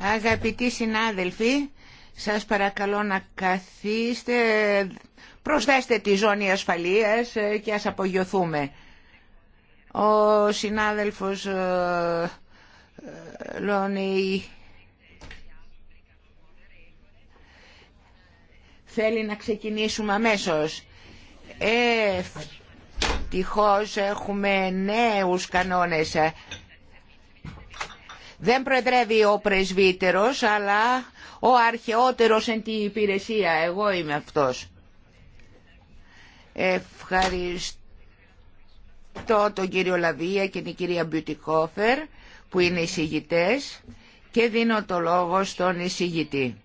Αγαπητοί συνάδελφοι, σας παρακαλώ να καθίστε, προσθέστε τη ζώνη ασφαλείας ε, και ας απογειωθούμε. Ο συνάδελφος ε, ε, Λόνι θέλει να ξεκινήσουμε αμέσως ευτυχώς έχουμε νέους κανόνες. Δεν προεδρεύει ο πρεσβύτερος, αλλά ο αρχαιότερος εν τη υπηρεσία. Εγώ είμαι αυτός. Ευχαριστώ τον κύριο Λαβία και την κυρία Μπιουτικόφερ που είναι εισηγητές και δίνω το λόγο στον εισηγητή.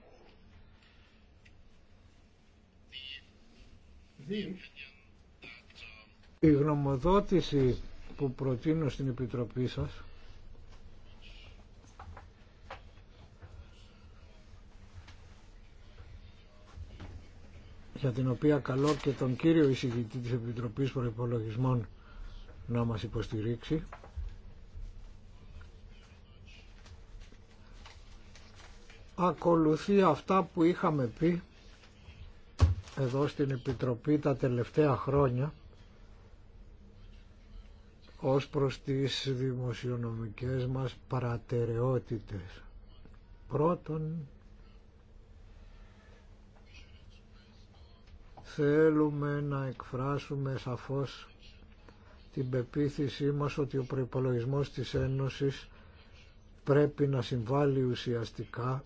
Η γνωμοδότηση που προτείνω στην Επιτροπή σας για την οποία καλώ και τον κύριο εισηγητή της Επιτροπής Προϋπολογισμών να μας υποστηρίξει ακολουθεί αυτά που είχαμε πει εδώ στην Επιτροπή τα τελευταία χρόνια ως προς τις δημοσιονομικές μας παρατεραιότητες. Πρώτον, θέλουμε να εκφράσουμε σαφώς την πεποίθησή μας ότι ο προϋπολογισμός της Ένωσης πρέπει να συμβάλλει ουσιαστικά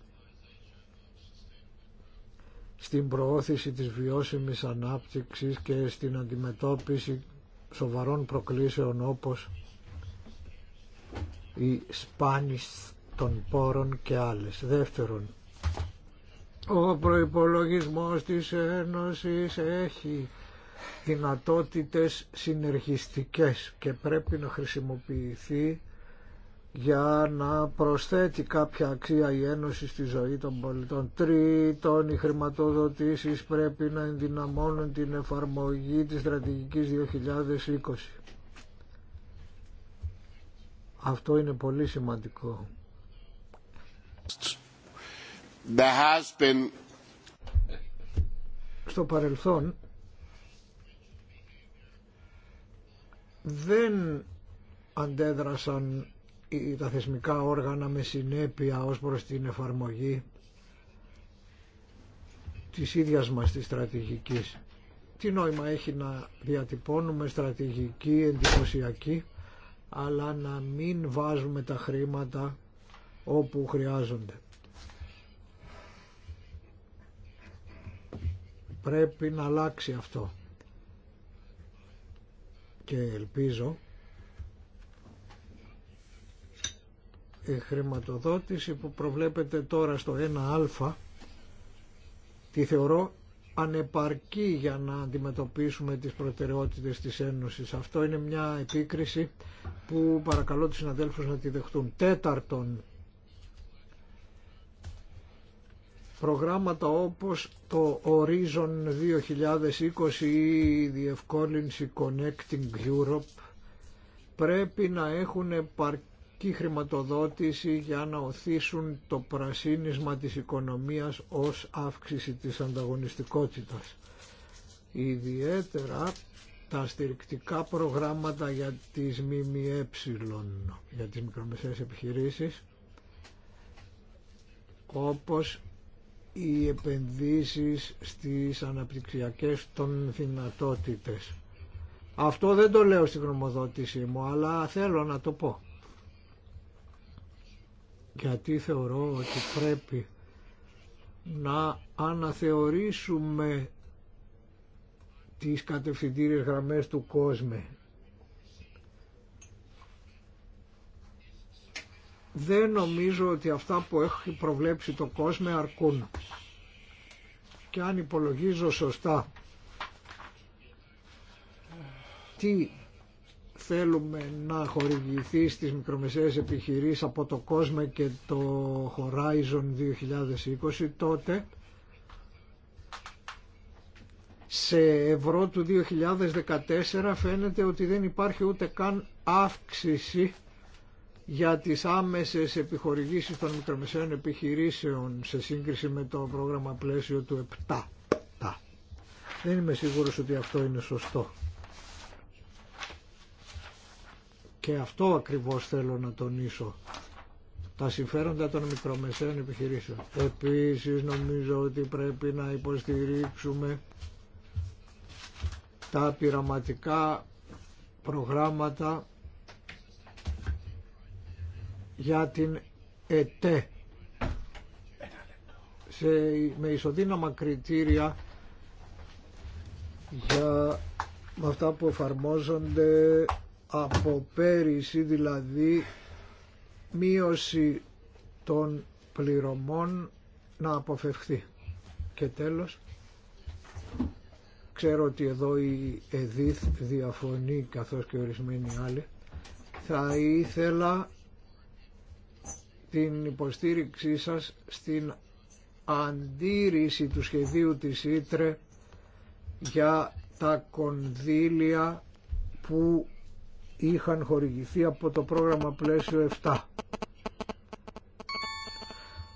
στην προώθηση της βιώσιμης ανάπτυξης και στην αντιμετώπιση σοβαρών προκλήσεων όπως η σπάνιση των πόρων και άλλες. Δεύτερον, ο προϋπολογισμός της Ένωσης έχει δυνατότητες συνεργιστικές και πρέπει να χρησιμοποιηθεί για να προσθέτει κάποια αξία η Ένωση στη ζωή των πολιτών. Τρίτον, οι χρηματοδοτήσει πρέπει να ενδυναμώνουν την εφαρμογή της στρατηγικής 2020. Αυτό είναι πολύ σημαντικό. been... Στο παρελθόν δεν αντέδρασαν τα θεσμικά όργανα με συνέπεια ως προς την εφαρμογή της ίδιας μας της στρατηγικής. Τι νόημα έχει να διατυπώνουμε στρατηγική, εντυπωσιακή, αλλά να μην βάζουμε τα χρήματα όπου χρειάζονται. Πρέπει να αλλάξει αυτό. Και ελπίζω Ε, χρηματοδότηση που προβλέπεται τώρα στο 1α τη θεωρώ ανεπαρκή για να αντιμετωπίσουμε τις προτεραιότητες της Ένωσης. Αυτό είναι μια επίκριση που παρακαλώ τους συναδέλφους να τη δεχτούν. Τέταρτον, προγράμματα όπως το Horizon 2020 ή η διευκόλυνση Connecting Europe πρέπει να έχουν επαρκή και χρηματοδότηση για να οθήσουν το πρασίνισμα της οικονομίας ως αύξηση της ανταγωνιστικότητας. Ιδιαίτερα τα στηρικτικά προγράμματα για τις ΜΜΕ, για τις μικρομεσαίες επιχειρήσεις, όπως οι επενδύσεις στις αναπτυξιακές των δυνατότητες. Αυτό δεν το λέω στην γνωμοδότησή μου, αλλά θέλω να το πω γιατί θεωρώ ότι πρέπει να αναθεωρήσουμε τις κατευθυντήριες γραμμές του κόσμου. Δεν νομίζω ότι αυτά που έχει προβλέψει το κόσμο αρκούν. Και αν υπολογίζω σωστά τι θέλουμε να χορηγηθεί στις μικρομεσαίες επιχειρήσεις από το κόσμο και το Horizon 2020 τότε σε ευρώ του 2014 φαίνεται ότι δεν υπάρχει ούτε καν αύξηση για τις άμεσες επιχορηγήσεις των μικρομεσαίων επιχειρήσεων σε σύγκριση με το πρόγραμμα πλαίσιο του 7. Δεν είμαι σίγουρος ότι αυτό είναι σωστό. και αυτό ακριβώς θέλω να τονίσω τα συμφέροντα των μικρομεσαίων επιχειρήσεων. Επίσης νομίζω ότι πρέπει να υποστηρίξουμε τα πειραματικά προγράμματα για την ΕΤΕ σε, με ισοδύναμα κριτήρια για αυτά που εφαρμόζονται από πέρυσι δηλαδή μείωση των πληρωμών να αποφευχθεί. Και τέλος, ξέρω ότι εδώ η ΕΔΙΘ διαφωνεί καθώς και ορισμένοι άλλοι, θα ήθελα την υποστήριξή σας στην αντίρρηση του σχεδίου της Ήτρε για τα κονδύλια που είχαν χορηγηθεί από το πρόγραμμα πλαίσιο 7.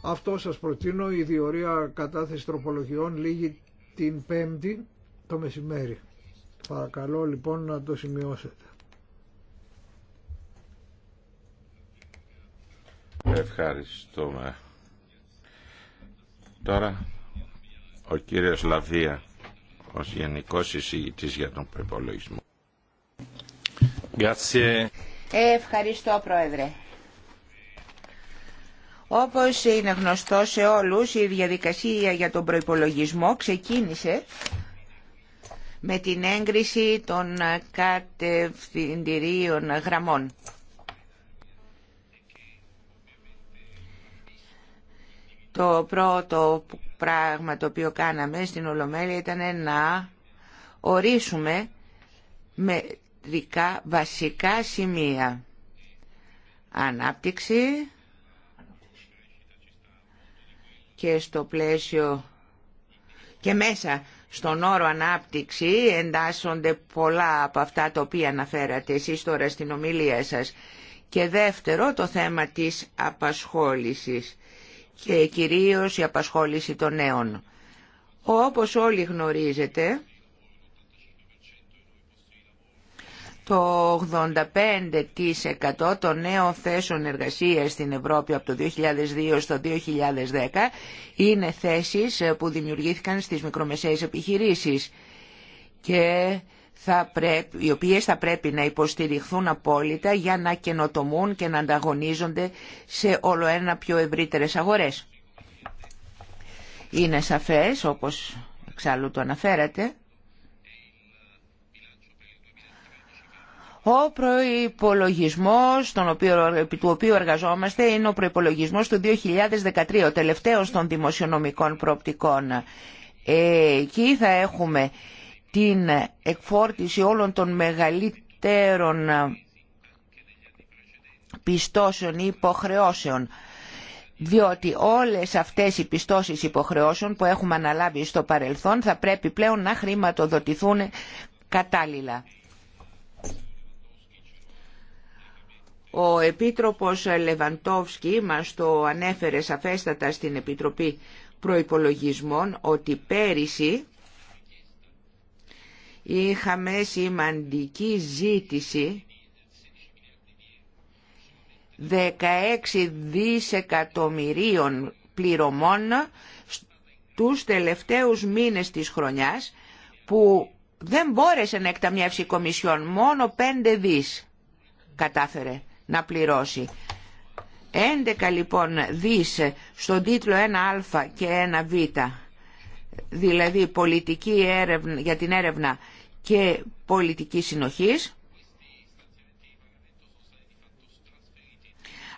Αυτό σας προτείνω η διορία κατάθεση τροπολογιών λίγη την Πέμπτη το μεσημέρι. Παρακαλώ λοιπόν να το σημειώσετε. Ευχαριστούμε. Τώρα ο κύριος Λαβία ως Γενικός Εισηγητής για τον Προπολογισμό. Ευχαριστώ Πρόεδρε. Όπως είναι γνωστό σε όλους, η διαδικασία για τον προϋπολογισμό ξεκίνησε με την έγκριση των κατευθυντηρίων γραμμών. Το πρώτο πράγμα το οποίο κάναμε στην Ολομέλεια ήταν να ορίσουμε με δικά βασικά σημεία. Ανάπτυξη και στο πλαίσιο και μέσα στον όρο ανάπτυξη εντάσσονται πολλά από αυτά τα οποία αναφέρατε εσείς τώρα στην ομιλία σας. Και δεύτερο το θέμα της απασχόλησης και κυρίως η απασχόληση των νέων. Όπως όλοι γνωρίζετε, το 85% των νέων θέσεων εργασίας στην Ευρώπη από το 2002 στο 2010 είναι θέσεις ε, που δημιουργήθηκαν στις μικρομεσαίες επιχειρήσεις και θα οι οποίες θα πρέπει να υποστηριχθούν απόλυτα για να καινοτομούν και να ανταγωνίζονται σε όλο ένα πιο ευρύτερες αγορές. Είναι σαφές, όπως εξάλλου το αναφέρατε, Ο προϋπολογισμός του οποίου εργαζόμαστε είναι ο προϋπολογισμός του 2013, ο τελευταίο των δημοσιονομικών προοπτικών. εκεί θα έχουμε την εκφόρτιση όλων των μεγαλύτερων πιστώσεων ή υποχρεώσεων διότι όλες αυτές οι πιστώσεις υποχρεώσεων που έχουμε αναλάβει στο παρελθόν θα πρέπει πλέον να χρηματοδοτηθούν κατάλληλα. Ο Επίτροπος Λεβαντόφσκι μας το ανέφερε σαφέστατα στην Επιτροπή Προϋπολογισμών ότι πέρυσι είχαμε σημαντική ζήτηση 16 δισεκατομμυρίων πληρωμών τους τελευταίους μήνες της χρονιάς που δεν μπόρεσε να εκταμιεύσει η Κομισιόν, μόνο 5 δις κατάφερε να πληρώσει. 11 λοιπόν δις στον τίτλο 1α και 1β, δηλαδή πολιτική έρευνα, για την έρευνα και πολιτική συνοχής.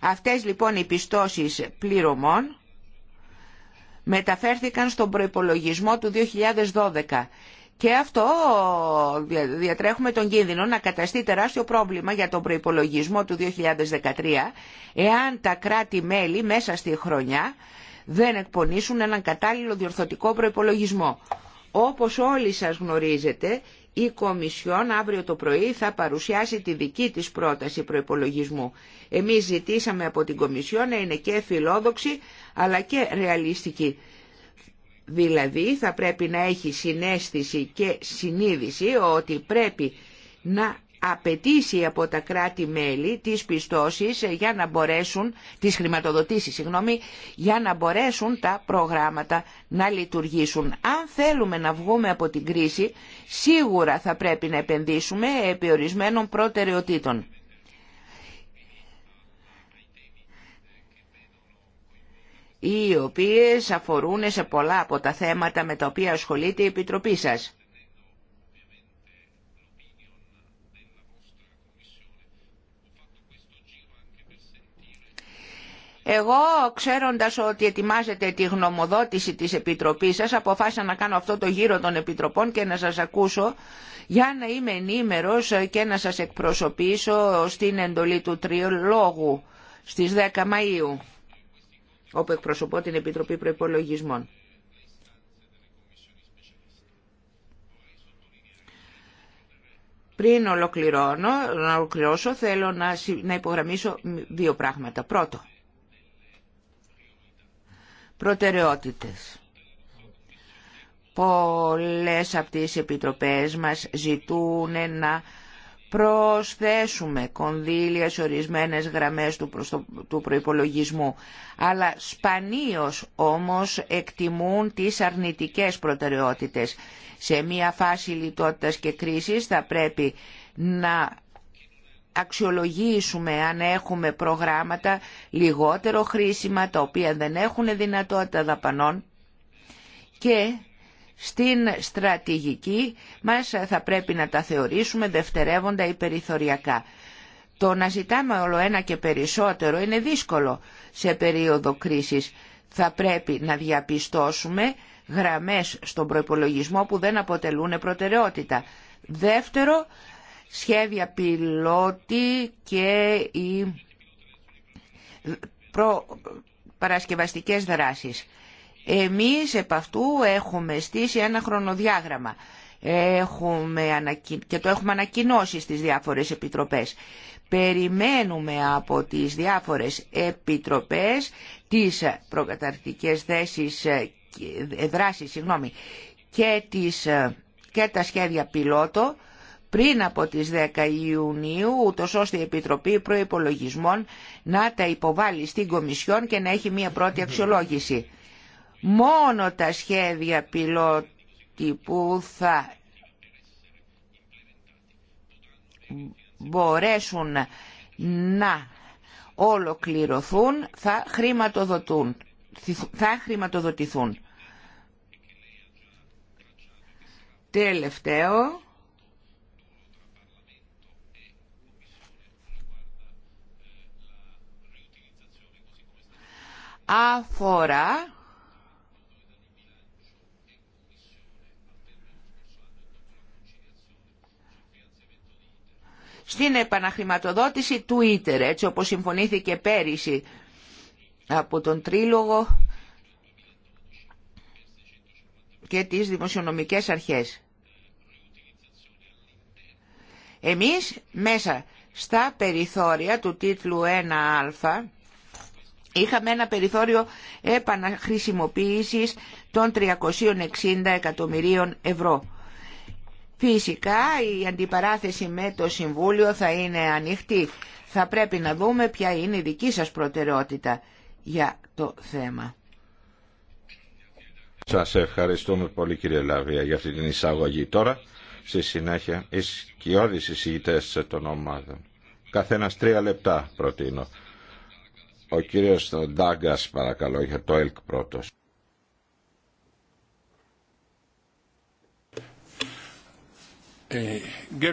Αυτές λοιπόν οι πιστώσεις πληρωμών μεταφέρθηκαν στον προϋπολογισμό του 2012 και αυτό διατρέχουμε τον κίνδυνο να καταστεί τεράστιο πρόβλημα για τον προϋπολογισμό του 2013 εάν τα κράτη-μέλη μέσα στη χρονιά δεν εκπονήσουν έναν κατάλληλο διορθωτικό προϋπολογισμό. Όπως όλοι σας γνωρίζετε, η Κομισιόν αύριο το πρωί θα παρουσιάσει τη δική της πρόταση προϋπολογισμού. Εμείς ζητήσαμε από την Κομισιόν να είναι και φιλόδοξη αλλά και ρεαλιστική. Δηλαδή θα πρέπει να έχει συνέστηση και συνείδηση ότι πρέπει να απαιτήσει από τα κράτη-μέλη τις πιστώσεις για να μπορέσουν, τις χρηματοδοτήσεις, συγγνώμη, για να μπορέσουν τα προγράμματα να λειτουργήσουν. Αν θέλουμε να βγούμε από την κρίση, σίγουρα θα πρέπει να επενδύσουμε επί ορισμένων προτεραιοτήτων. οι οποίες αφορούν σε πολλά από τα θέματα με τα οποία ασχολείται η Επιτροπή σας. Εγώ, ξέροντας ότι ετοιμάζετε τη γνωμοδότηση της Επιτροπής σας, αποφάσισα να κάνω αυτό το γύρο των Επιτροπών και να σας ακούσω για να είμαι ενήμερος και να σας εκπροσωπήσω στην εντολή του Τριολόγου στις 10 Μαΐου όπου εκπροσωπώ την Επιτροπή Προϋπολογισμών. Πριν ολοκληρώνω, να ολοκληρώσω, θέλω να, να υπογραμμίσω δύο πράγματα. Πρώτο, προτεραιότητες. Πολλές από τις επιτροπές μας ζητούν να προσθέσουμε κονδύλια σε ορισμένες γραμμές του, του προϋπολογισμού. Αλλά σπανίως όμως εκτιμούν τις αρνητικές προτεραιότητες. Σε μια φάση λιτότητας και κρίσης θα πρέπει να αξιολογήσουμε αν έχουμε προγράμματα λιγότερο χρήσιμα, τα οποία δεν έχουν δυνατότητα δαπανών και στην στρατηγική μας θα πρέπει να τα θεωρήσουμε δευτερεύοντα ή περιθωριακά. Το να ζητάμε όλο ένα και περισσότερο είναι δύσκολο σε περίοδο κρίσης. Θα πρέπει να διαπιστώσουμε γραμμές στον προϋπολογισμό που δεν αποτελούν προτεραιότητα. Δεύτερο, σχέδια πιλότη και οι προ... παρασκευαστικές δράσεις. Εμείς επ' αυτού έχουμε στήσει ένα χρονοδιάγραμμα έχουμε και το έχουμε ανακοινώσει στις διάφορες επιτροπές. Περιμένουμε από τις διάφορες επιτροπές τις προκαταρκτικές θέσεις, ε, ε, δράσεις συγγνώμη, και, τις, ε, και τα σχέδια πιλότο πριν από τις 10 Ιουνίου, ούτως ώστε η Επιτροπή Προϋπολογισμών να τα υποβάλει στην Κομισιόν και να έχει μία πρώτη αξιολόγηση μόνο τα σχέδια πιλότη που θα μπορέσουν να ολοκληρωθούν θα χρηματοδοτούν. Θα χρηματοδοτηθούν. Τελευταίο. Αφορά στην επαναχρηματοδότηση του Ίτερ, έτσι όπως συμφωνήθηκε πέρυσι από τον Τρίλογο και τις δημοσιονομικές αρχές. Εμείς μέσα στα περιθώρια του τίτλου 1α είχαμε ένα περιθώριο επαναχρησιμοποίησης των 360 εκατομμυρίων ευρώ. Φυσικά η αντιπαράθεση με το Συμβούλιο θα είναι ανοιχτή. Θα πρέπει να δούμε ποια είναι η δική σας προτεραιότητα για το θέμα. Σας ευχαριστούμε πολύ κύριε Λαβία για αυτή την εισαγωγή. Τώρα στη συνέχεια οι σκιώδεις εισηγητές των ομάδων. Καθένας τρία λεπτά προτείνω. Ο κύριος Ντάγκας παρακαλώ για το ΕΛΚ πρώτος. Ε, ε,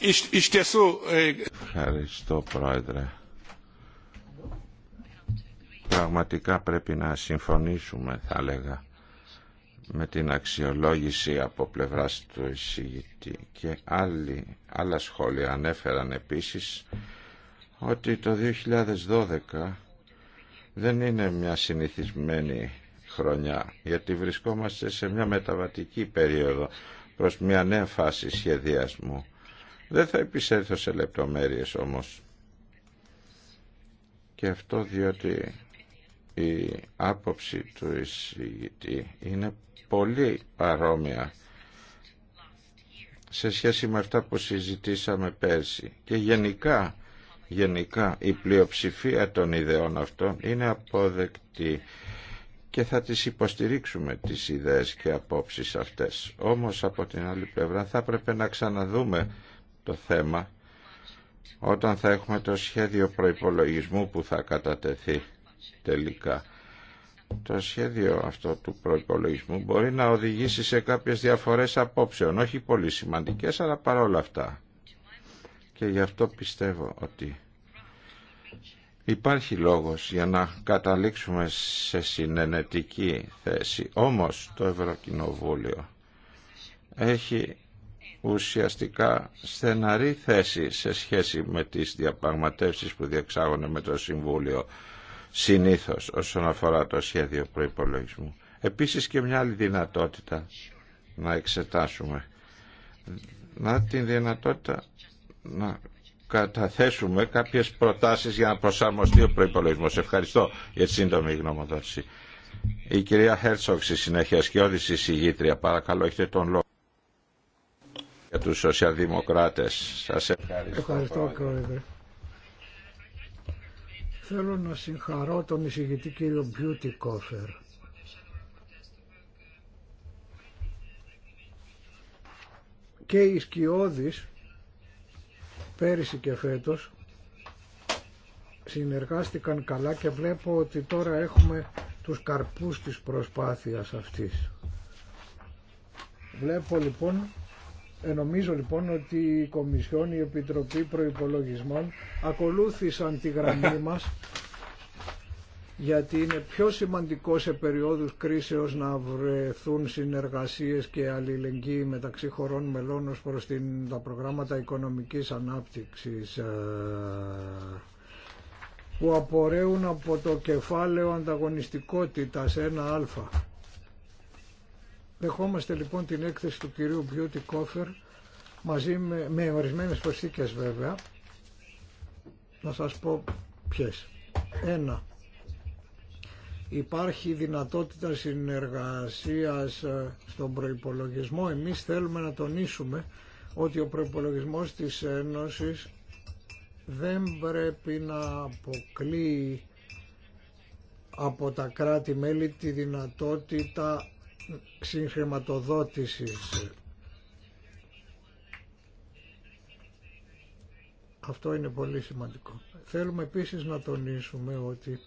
ε, Ευχαριστώ, Πρόεδρε. Πραγματικά πρέπει να συμφωνήσουμε, θα λέγα, με την αξιολόγηση από πλευράς του εισηγητή και άλλοι, άλλα σχόλια ανέφεραν επίσης ότι το 2012 δεν είναι μια συνηθισμένη χρονιά, γιατί βρισκόμαστε σε μια μεταβατική περίοδο προς μια νέα φάση σχεδιασμού. Δεν θα επισέλθω σε λεπτομέρειες όμως. Και αυτό διότι η άποψη του εισηγητή είναι πολύ παρόμοια σε σχέση με αυτά που συζητήσαμε πέρσι. Και γενικά, γενικά η πλειοψηφία των ιδεών αυτών είναι αποδεκτή και θα τις υποστηρίξουμε τις ιδέες και απόψεις αυτές. Όμως από την άλλη πλευρά θα πρέπει να ξαναδούμε το θέμα όταν θα έχουμε το σχέδιο προϋπολογισμού που θα κατατεθεί τελικά. Το σχέδιο αυτό του προϋπολογισμού μπορεί να οδηγήσει σε κάποιες διαφορές απόψεων, όχι πολύ σημαντικές, αλλά παρόλα αυτά. Και γι' αυτό πιστεύω ότι Υπάρχει λόγος για να καταλήξουμε σε συνενετική θέση. Όμως το Ευρωκοινοβούλιο έχει ουσιαστικά στεναρή θέση σε σχέση με τις διαπραγματεύσεις που διεξάγονται με το Συμβούλιο συνήθως όσον αφορά το σχέδιο προϋπολογισμού. Επίσης και μια άλλη δυνατότητα να εξετάσουμε να την δυνατότητα να καταθέσουμε κάποιες προτάσεις για να προσαρμοστεί ο προϋπολογισμός. Ευχαριστώ για τη σύντομη γνωμοδότηση. Η κυρία Χέρτσοξ, στη συνέχεια σκιώδης εισηγήτρια, παρακαλώ έχετε τον λόγο για τους σοσιαλδημοκράτες. Σας ευχαριστώ. Ευχαριστώ κύριε. Θέλω να συγχαρώ τον εισηγητή κύριο Μπιούτι Κόφερ. Και οι σκιώδης πέρυσι και φέτος συνεργάστηκαν καλά και βλέπω ότι τώρα έχουμε τους καρπούς της προσπάθειας αυτής. Βλέπω λοιπόν, ε, νομίζω λοιπόν ότι η Κομισιόν, η Επιτροπή Προϋπολογισμών ακολούθησαν τη γραμμή μας γιατί είναι πιο σημαντικό σε περιόδους κρίσεως να βρεθούν συνεργασίες και αλληλεγγύη μεταξύ χωρών μελών ως προς την, τα προγράμματα οικονομικής ανάπτυξης ε, που απορρέουν από το κεφάλαιο ανταγωνιστικότητας 1α. Δεχόμαστε λοιπόν την έκθεση του κυρίου Beauty Coffer μαζί με, με ορισμένες βέβαια. Να σας πω ποιες. Ένα υπάρχει δυνατότητα συνεργασίας ε, στον προϋπολογισμό. Εμείς θέλουμε να τονίσουμε ότι ο προϋπολογισμός της Ένωσης δεν πρέπει να αποκλείει από τα κράτη-μέλη τη δυνατότητα συγχρηματοδότησης. Αυτό είναι πολύ σημαντικό. Θέλουμε επίσης να τονίσουμε ότι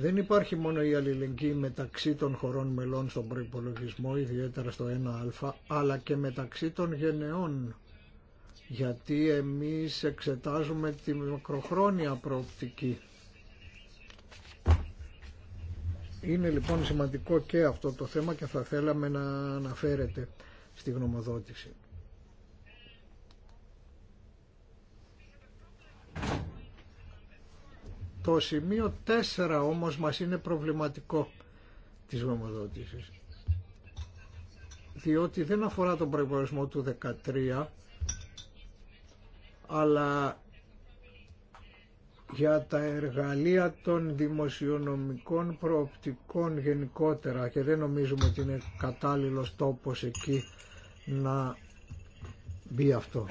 δεν υπάρχει μόνο η αλληλεγγύη μεταξύ των χωρών μελών στον προϋπολογισμό, ιδιαίτερα στο 1α, αλλά και μεταξύ των γενεών. Γιατί εμείς εξετάζουμε τη μικροχρόνια προοπτική. Είναι λοιπόν σημαντικό και αυτό το θέμα και θα θέλαμε να αναφέρεται στη γνωμοδότηση. Το σημείο 4 όμως μας είναι προβληματικό της γνωμοδότησης διότι δεν αφορά τον προϋπολογισμό του 13 αλλά για τα εργαλεία των δημοσιονομικών προοπτικών γενικότερα και δεν νομίζουμε ότι είναι κατάλληλος τόπος εκεί να μπει αυτό.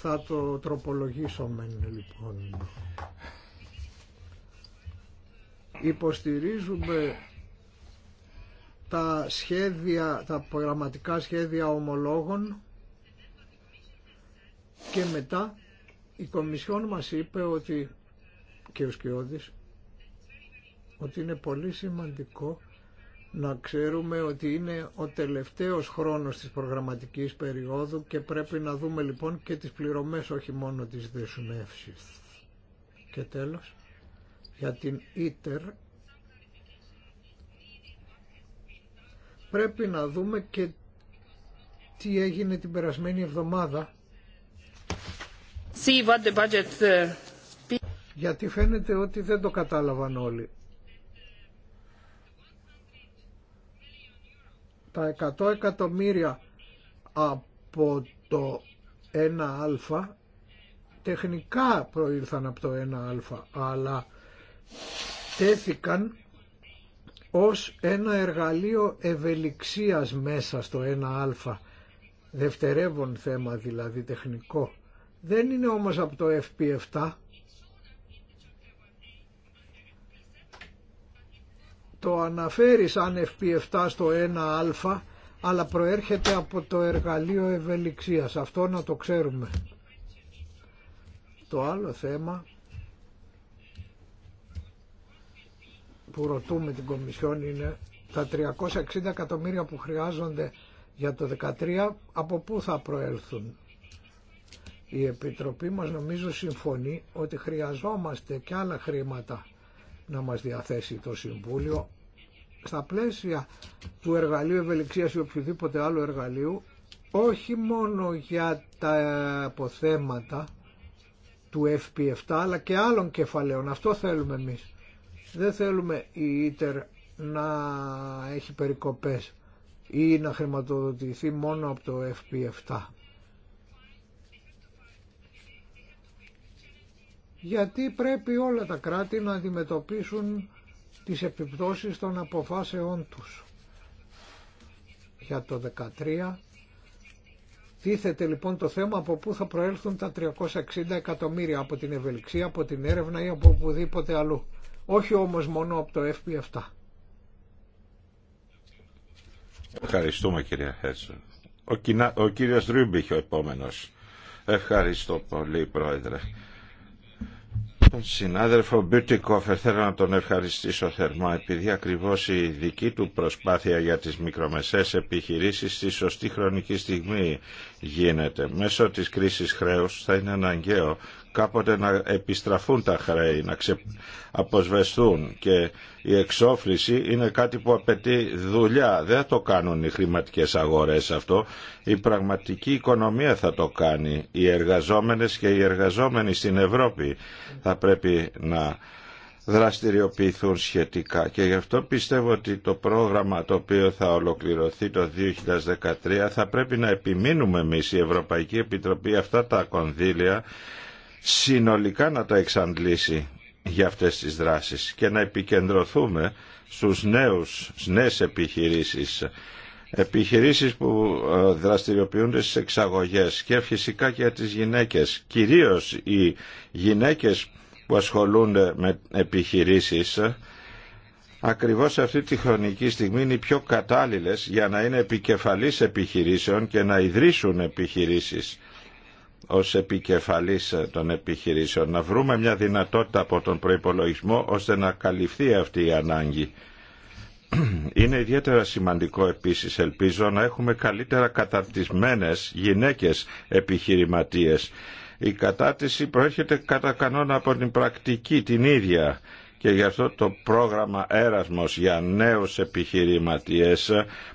Θα το τροπολογήσω μεν λοιπόν. Υποστηρίζουμε τα σχέδια, τα προγραμματικά σχέδια ομολόγων και μετά η Κομισιόν μας είπε ότι και ο Σκιώδης ότι είναι πολύ σημαντικό να ξέρουμε ότι είναι ο τελευταίος χρόνος της προγραμματικής περίοδου και πρέπει να δούμε λοιπόν και τις πληρωμές όχι μόνο τις δεσμεύσεις. Και τέλος, για την ίτερ πρέπει να δούμε και τι έγινε την περασμένη εβδομάδα. Uh, Γιατί φαίνεται ότι δεν το κατάλαβαν όλοι. τα 100 εκατομμύρια από το 1α τεχνικά προήλθαν από το 1α αλλά τέθηκαν ως ένα εργαλείο ευελιξίας μέσα στο 1α δευτερεύον θέμα δηλαδή τεχνικό δεν είναι όμως από το FP7 το αναφέρει σαν FP7 στο 1α αλλά προέρχεται από το εργαλείο ευελιξίας. Αυτό να το ξέρουμε. Το άλλο θέμα που ρωτούμε την Κομισιόν είναι τα 360 εκατομμύρια που χρειάζονται για το 13 από πού θα προέλθουν. Η Επιτροπή μας νομίζω συμφωνεί ότι χρειαζόμαστε και άλλα χρήματα να μας διαθέσει το Συμβούλιο στα πλαίσια του εργαλείου ευελιξίας ή οποιοδήποτε άλλο εργαλείου όχι μόνο για τα αποθέματα του FP7 αλλά και άλλων κεφαλαίων. Αυτό θέλουμε εμείς. Δεν θέλουμε η ΙΤΕΡ να έχει περικοπές ή να χρηματοδοτηθεί μόνο από το FP7. γιατί πρέπει όλα τα κράτη να αντιμετωπίσουν τις επιπτώσεις των αποφάσεών τους. Για το 2013 τίθεται λοιπόν το θέμα από πού θα προέλθουν τα 360 εκατομμύρια από την ευελιξία, από την έρευνα ή από οπουδήποτε αλλού. Όχι όμως μόνο από το FP7. Ευχαριστούμε κυρία Χέτσο. Ο, ο κύριος Ρούμπιχ ο επόμενος. Ευχαριστώ πολύ πρόεδρε. Τον συνάδελφο Μπιουτικόφερ θέλω να τον ευχαριστήσω θερμά επειδή ακριβώς η δική του προσπάθεια για τις μικρομεσαίες επιχειρήσεις στη σωστή χρονική στιγμή γίνεται. Μέσω της κρίσης χρέους θα είναι αναγκαίο κάποτε να επιστραφούν τα χρέη, να αποσβεστούν και η εξόφληση είναι κάτι που απαιτεί δουλειά. Δεν το κάνουν οι χρηματικές αγορές αυτό. Η πραγματική οικονομία θα το κάνει. Οι εργαζόμενες και οι εργαζόμενοι στην Ευρώπη θα πρέπει να δραστηριοποιηθούν σχετικά και γι' αυτό πιστεύω ότι το πρόγραμμα το οποίο θα ολοκληρωθεί το 2013 θα πρέπει να επιμείνουμε εμεί η Ευρωπαϊκή Επιτροπή αυτά τα κονδύλια συνολικά να τα εξαντλήσει για αυτές τις δράσεις και να επικεντρωθούμε στους νέους, στις νέες επιχειρήσεις επιχειρήσεις που ε, δραστηριοποιούνται στις εξαγωγές και φυσικά και για τις γυναίκες κυρίως οι γυναίκες που ασχολούνται με επιχειρήσεις ακριβώς αυτή τη χρονική στιγμή είναι οι πιο κατάλληλες για να είναι επικεφαλής επιχειρήσεων και να ιδρύσουν επιχειρήσεις ως επικεφαλής των επιχειρήσεων να βρούμε μια δυνατότητα από τον προϋπολογισμό ώστε να καλυφθεί αυτή η ανάγκη. Είναι ιδιαίτερα σημαντικό επίσης ελπίζω να έχουμε καλύτερα καταρτισμένες γυναίκες επιχειρηματίες. Η κατάρτιση προέρχεται κατά κανόνα από την πρακτική την ίδια και γι' αυτό το πρόγραμμα Έρασμος για νέους επιχειρηματίες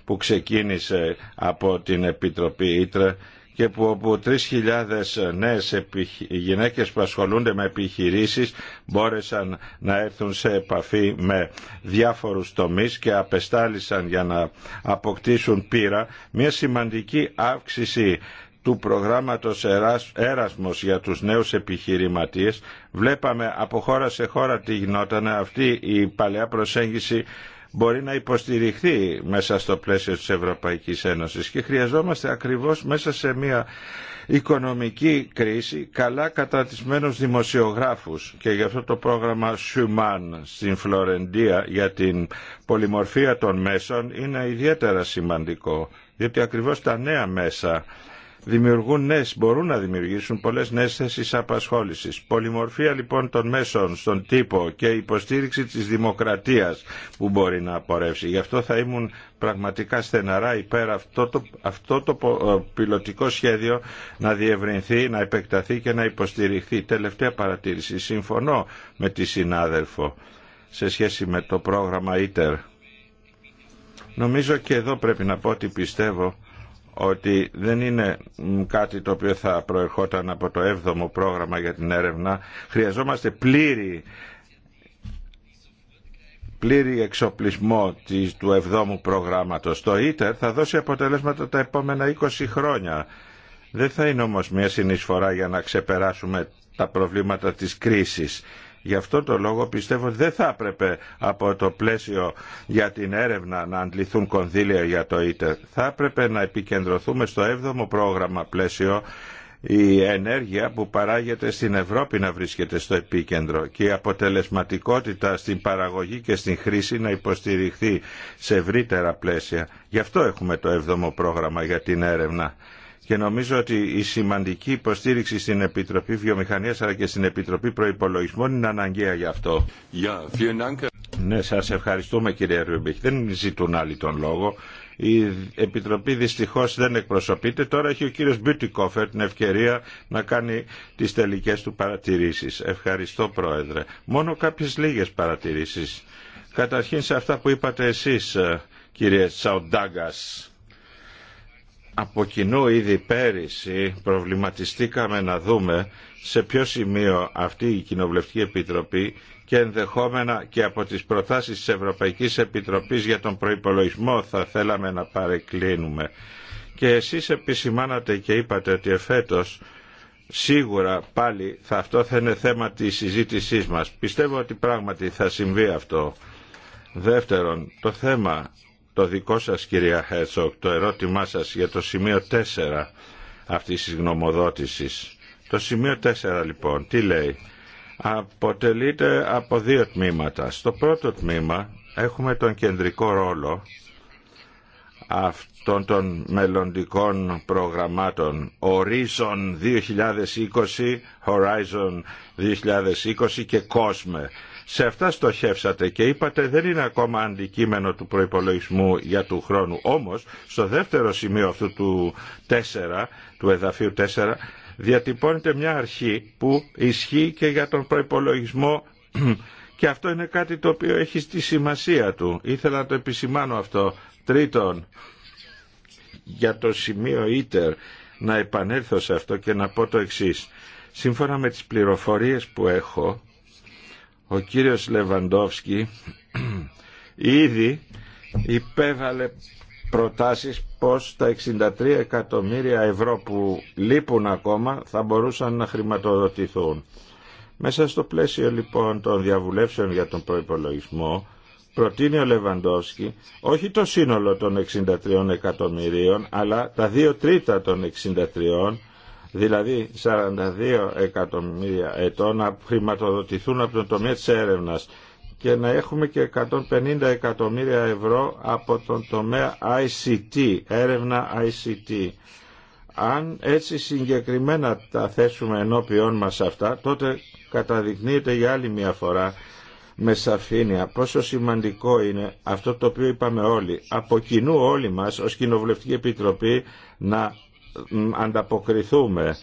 που ξεκίνησε από την Επιτροπή Ήτρε και που όπου 3.000 νέες γυναίκες που ασχολούνται με επιχειρήσεις μπόρεσαν να έρθουν σε επαφή με διάφορους τομείς και απεστάλησαν για να αποκτήσουν πείρα μια σημαντική αύξηση του προγράμματος Έρασμος για τους νέους επιχειρηματίες βλέπαμε από χώρα σε χώρα τι γινόταν αυτή η παλαιά προσέγγιση μπορεί να υποστηριχθεί μέσα στο πλαίσιο της Ευρωπαϊκής Ένωσης και χρειαζόμαστε ακριβώς μέσα σε μια οικονομική κρίση καλά κατατισμένους δημοσιογράφους και γι' αυτό το πρόγραμμα Schumann στην Φλωρεντία για την πολυμορφία των μέσων είναι ιδιαίτερα σημαντικό διότι ακριβώς τα νέα μέσα δημιουργούν νέες, μπορούν να δημιουργήσουν πολλές νέες θέσεις απασχόλησης. Πολυμορφία λοιπόν των μέσων στον τύπο και υποστήριξη της δημοκρατίας που μπορεί να απορρεύσει. Γι' αυτό θα ήμουν πραγματικά στεναρά υπέρ αυτό το, αυτό το ε, πιλωτικό σχέδιο να διευρυνθεί, να επεκταθεί και να υποστηριχθεί. Τελευταία παρατήρηση. Συμφωνώ με τη συνάδελφο σε σχέση με το πρόγραμμα ITER. Νομίζω και εδώ πρέπει να πω ότι πιστεύω ότι δεν είναι κάτι το οποίο θα προερχόταν από το 7ο πρόγραμμα για την έρευνα. Χρειαζόμαστε πλήρη πλήρη εξοπλισμό της, του 7ου προγράμματος. Το ΊΤΕΡ θα δώσει αποτελέσματα τα επόμενα 20 χρόνια. Δεν θα είναι όμως μια συνεισφορά για να ξεπεράσουμε τα προβλήματα της κρίσης. Γι' αυτό το λόγο πιστεύω ότι δεν θα έπρεπε από το πλαίσιο για την έρευνα να αντληθούν κονδύλια για το ΙΤΕΡ. Θα έπρεπε να επικεντρωθούμε στο 7ο πρόγραμμα πλαίσιο η ενέργεια που παράγεται στην Ευρώπη να βρίσκεται στο επίκεντρο και η αποτελεσματικότητα στην παραγωγή και στην χρήση να υποστηριχθεί σε ευρύτερα πλαίσια. Γι' αυτό έχουμε το 7ο πρόγραμμα για την έρευνα και νομίζω ότι η σημαντική υποστήριξη στην Επιτροπή Βιομηχανίας αλλά και στην Επιτροπή Προϋπολογισμών είναι αναγκαία γι' αυτό. Yeah, ναι, σας ευχαριστούμε κύριε Ρουμπίχ. Δεν ζητούν άλλοι τον λόγο. Η Επιτροπή δυστυχώς δεν εκπροσωπείται. Τώρα έχει ο κύριος Μπιουτικόφερ την ευκαιρία να κάνει τις τελικές του παρατηρήσεις. Ευχαριστώ Πρόεδρε. Μόνο κάποιες λίγες παρατηρήσεις. Καταρχήν σε αυτά που είπατε εσείς ε, κύριε Τσαουντάγκας από κοινού ήδη πέρυσι προβληματιστήκαμε να δούμε σε ποιο σημείο αυτή η Κοινοβουλευτική Επιτροπή και ενδεχόμενα και από τις προτάσεις της Ευρωπαϊκής Επιτροπής για τον προϋπολογισμό θα θέλαμε να παρεκκλίνουμε. Και εσείς επισημάνατε και είπατε ότι εφέτος σίγουρα πάλι θα αυτό θα είναι θέμα της συζήτησής μας. Πιστεύω ότι πράγματι θα συμβεί αυτό. Δεύτερον, το θέμα το δικό σας κυρία Χέρτσοκ, το ερώτημά σας για το σημείο 4 αυτής της γνωμοδότησης. Το σημείο 4 λοιπόν, τι λέει. Αποτελείται από δύο τμήματα. Στο πρώτο τμήμα έχουμε τον κεντρικό ρόλο αυτών των μελλοντικών προγραμμάτων Horizon 2020, Horizon 2020 και COSME σε αυτά στοχεύσατε και είπατε δεν είναι ακόμα αντικείμενο του προϋπολογισμού για του χρόνου. Όμως, στο δεύτερο σημείο αυτού του 4, του εδαφίου 4, διατυπώνεται μια αρχή που ισχύει και για τον προϋπολογισμό και αυτό είναι κάτι το οποίο έχει στη σημασία του. Ήθελα να το επισημάνω αυτό. Τρίτον, για το σημείο ίτερ να επανέλθω σε αυτό και να πω το εξής. Σύμφωνα με τις πληροφορίες που έχω, ο κύριος Λεβαντόφσκι ήδη υπέβαλε προτάσεις πως τα 63 εκατομμύρια ευρώ που λείπουν ακόμα θα μπορούσαν να χρηματοδοτηθούν. Μέσα στο πλαίσιο λοιπόν των διαβουλεύσεων για τον προϋπολογισμό προτείνει ο Λεβαντόφσκι όχι το σύνολο των 63 εκατομμυρίων αλλά τα δύο τρίτα των 63 δηλαδή 42 εκατομμύρια ετών να χρηματοδοτηθούν από τον τομέα της έρευνας και να έχουμε και 150 εκατομμύρια ευρώ από τον τομέα ICT, έρευνα ICT. Αν έτσι συγκεκριμένα τα θέσουμε ενώπιόν μας αυτά, τότε καταδεικνύεται για άλλη μια φορά με σαφήνεια πόσο σημαντικό είναι αυτό το οποίο είπαμε όλοι, από κοινού όλοι μας ως Κοινοβουλευτική Επιτροπή να ανταποκριθούμε.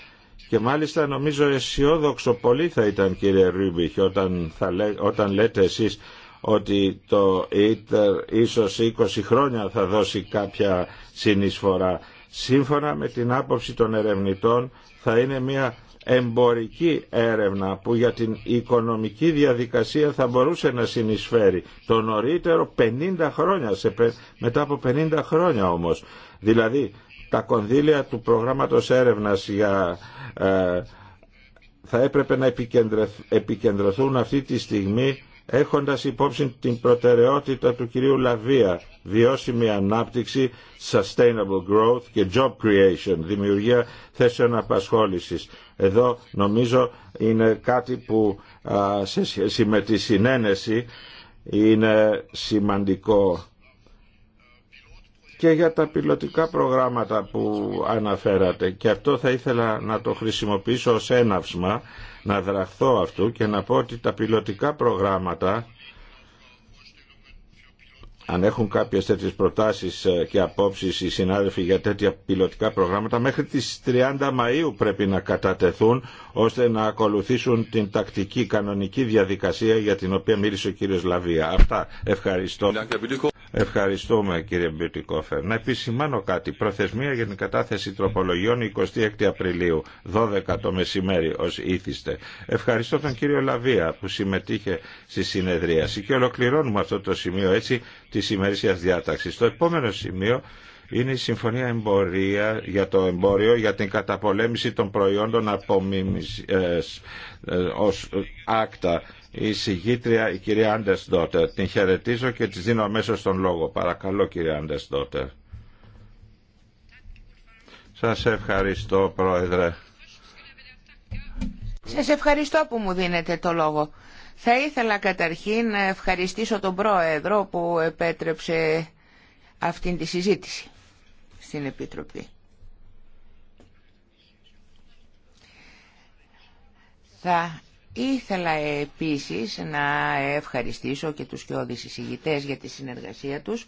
Και μάλιστα νομίζω αισιόδοξο πολύ θα ήταν κύριε Ρούμπιχ όταν, θα όταν λέτε εσείς ότι το ΙΤΕΡ ίσως 20 χρόνια θα δώσει κάποια συνεισφορά. Σύμφωνα με την άποψη των ερευνητών θα είναι μια εμπορική έρευνα που για την οικονομική διαδικασία θα μπορούσε να συνεισφέρει το νωρίτερο 50 χρόνια, μετά από 50 χρόνια όμως. Δηλαδή τα κονδύλια του προγράμματος έρευνας για ε, θα έπρεπε να επικεντρωθούν αυτή τη στιγμή έχοντας υπόψη την προτεραιότητα του κυρίου Λαβία, βιώσιμη ανάπτυξη, sustainable growth και job creation, δημιουργία θέσεων απασχόλησης. Εδώ νομίζω είναι κάτι που σε σχέση με τη συνένεση είναι σημαντικό και για τα πιλωτικά προγράμματα που αναφέρατε. Και αυτό θα ήθελα να το χρησιμοποιήσω ως έναυσμα, να δραχθώ αυτού και να πω ότι τα πιλωτικά προγράμματα αν έχουν κάποιες τέτοιες προτάσεις ε, και απόψεις οι συνάδελφοι για τέτοια πιλωτικά προγράμματα, μέχρι τις 30 Μαΐου πρέπει να κατατεθούν, ώστε να ακολουθήσουν την τακτική κανονική διαδικασία για την οποία μίλησε ο κύριος Λαβία. Αυτά. Ευχαριστώ. Ευχαριστούμε κύριε Μπιουτικόφερ. Να επισημάνω κάτι. Προθεσμία για την κατάθεση τροπολογιών 26 Απριλίου, 12 το μεσημέρι ως ήθιστε. Ευχαριστώ τον κύριο Λαβία που συμμετείχε στη συνεδρίαση και ολοκληρώνουμε αυτό το σημείο έτσι τη ημερήσιας διάταξης. Το επόμενο σημείο είναι η Συμφωνία Εμπορία για το Εμπόριο για την καταπολέμηση των προϊόντων απομίμησης ε, ε, ως άκτα η συγγήτρια η κυρία Άντες Ντότερ. Την χαιρετίζω και της δίνω αμέσω τον λόγο. Παρακαλώ κυρία Άντες Ντότερ. Σας ευχαριστώ πρόεδρε. Σας ευχαριστώ που μου δίνετε το λόγο. Θα ήθελα καταρχήν να ευχαριστήσω τον πρόεδρο που επέτρεψε αυτήν τη συζήτηση στην Επιτροπή. Θα Ήθελα επίσης να ευχαριστήσω και τους κοιόδης εισηγητές για τη συνεργασία τους.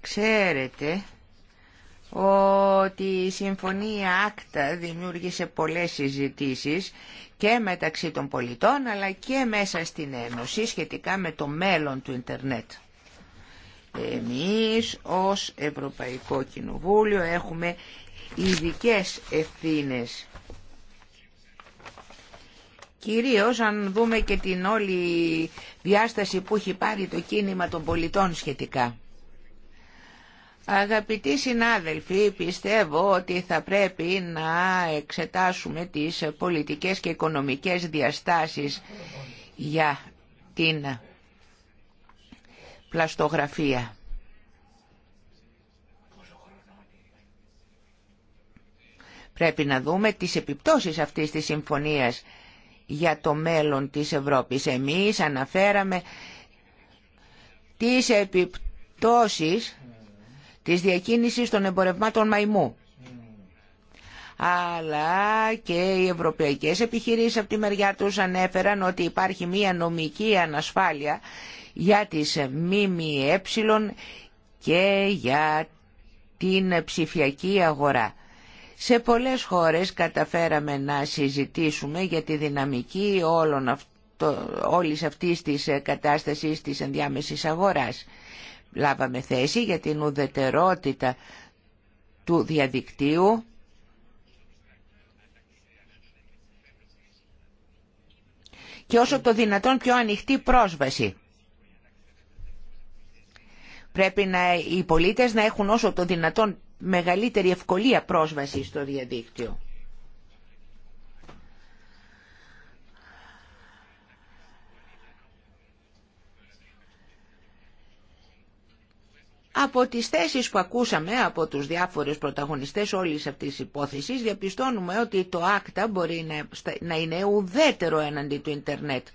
Ξέρετε ότι η Συμφωνία Άκτα δημιούργησε πολλές συζητήσεις και μεταξύ των πολιτών αλλά και μέσα στην Ένωση σχετικά με το μέλλον του Ιντερνετ. Εμείς ως Ευρωπαϊκό Κοινοβούλιο έχουμε ειδικέ ευθύνε. Κυρίως αν δούμε και την όλη διάσταση που έχει πάρει το κίνημα των πολιτών σχετικά. Αγαπητοί συνάδελφοι, πιστεύω ότι θα πρέπει να εξετάσουμε τις πολιτικές και οικονομικές διαστάσεις για την πλαστογραφία. Πρέπει να δούμε τις επιπτώσεις αυτής της συμφωνίας για το μέλλον της Ευρώπης. Εμείς αναφέραμε τις επιπτώσεις της διακίνησης των εμπορευμάτων μαϊμού αλλά και οι ευρωπαϊκές επιχειρήσεις από τη μεριά τους ανέφεραν ότι υπάρχει μία νομική ανασφάλεια για τις ΜΜΕ και για την ψηφιακή αγορά. Σε πολλές χώρες καταφέραμε να συζητήσουμε για τη δυναμική όλων αυτό, όλης αυτής της κατάστασης της ενδιάμεσης αγοράς. Λάβαμε θέση για την ουδετερότητα του διαδικτύου και όσο το δυνατόν πιο ανοιχτή πρόσβαση. Πρέπει να, οι πολίτες να έχουν όσο το δυνατόν μεγαλύτερη ευκολία πρόσβαση στο διαδίκτυο. Από τις θέσεις που ακούσαμε από τους διάφορους πρωταγωνιστές όλης αυτής της υπόθεσης διαπιστώνουμε ότι το άκτα μπορεί να είναι ουδέτερο έναντι του ίντερνετ.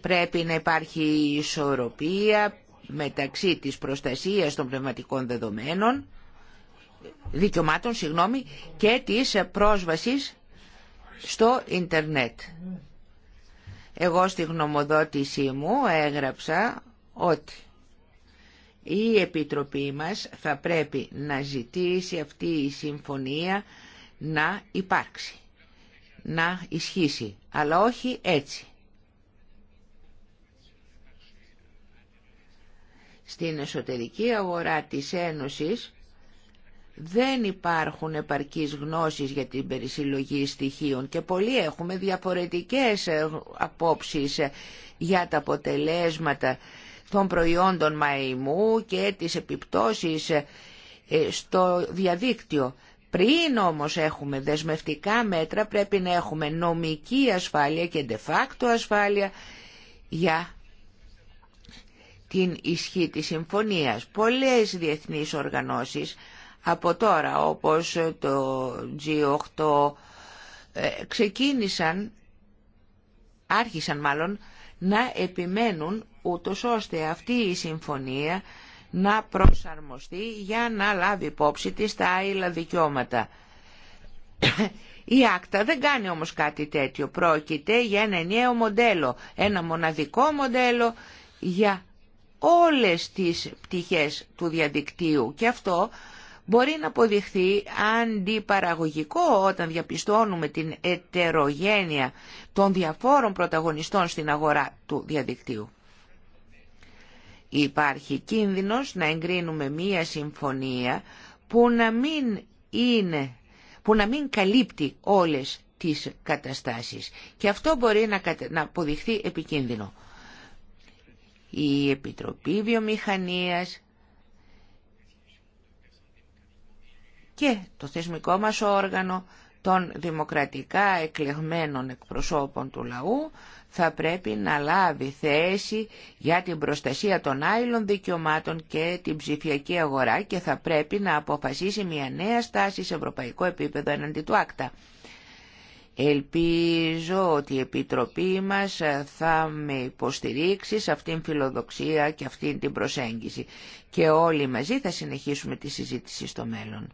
Πρέπει να υπάρχει ισορροπία μεταξύ της προστασίας των πνευματικών δεδομένων, δικαιωμάτων, συγγνώμη, και της πρόσβασης στο ίντερνετ. Εγώ στη γνωμοδότησή μου έγραψα ότι η Επιτροπή μας θα πρέπει να ζητήσει αυτή η συμφωνία να υπάρξει, να ισχύσει, αλλά όχι έτσι. στην εσωτερική αγορά της Ένωσης δεν υπάρχουν επαρκείς γνώσεις για την περισυλλογή στοιχείων και πολλοί έχουμε διαφορετικές ε, απόψεις για τα αποτελέσματα των προϊόντων μαϊμού και τις επιπτώσεις ε, στο διαδίκτυο. Πριν όμως έχουμε δεσμευτικά μέτρα πρέπει να έχουμε νομική ασφάλεια και de facto ασφάλεια για την ισχύ της συμφωνίας. Πολλές διεθνείς οργανώσεις από τώρα όπως το G8 ε, ξεκίνησαν, άρχισαν μάλλον, να επιμένουν ούτως ώστε αυτή η συμφωνία να προσαρμοστεί για να λάβει υπόψη της τα άλλα δικαιώματα. Η άκτα δεν κάνει όμως κάτι τέτοιο. Πρόκειται για ένα νέο μοντέλο, ένα μοναδικό μοντέλο για όλες τις πτυχές του διαδικτύου και αυτό μπορεί να αποδειχθεί αντιπαραγωγικό όταν διαπιστώνουμε την ετερογένεια των διαφόρων πρωταγωνιστών στην αγορά του διαδικτύου. Υπάρχει κίνδυνος να εγκρίνουμε μία συμφωνία που να μην, είναι, που να μην καλύπτει όλες τις καταστάσεις και αυτό μπορεί να αποδειχθεί επικίνδυνο η Επιτροπή Βιομηχανίας και το θεσμικό μας όργανο των δημοκρατικά εκλεγμένων εκπροσώπων του λαού θα πρέπει να λάβει θέση για την προστασία των άλλων δικαιωμάτων και την ψηφιακή αγορά και θα πρέπει να αποφασίσει μια νέα στάση σε ευρωπαϊκό επίπεδο εναντί του άκτα. Ελπίζω ότι η Επιτροπή μας θα με υποστηρίξει σε αυτήν φιλοδοξία και αυτήν την προσέγγιση και όλοι μαζί θα συνεχίσουμε τη συζήτηση στο μέλλον.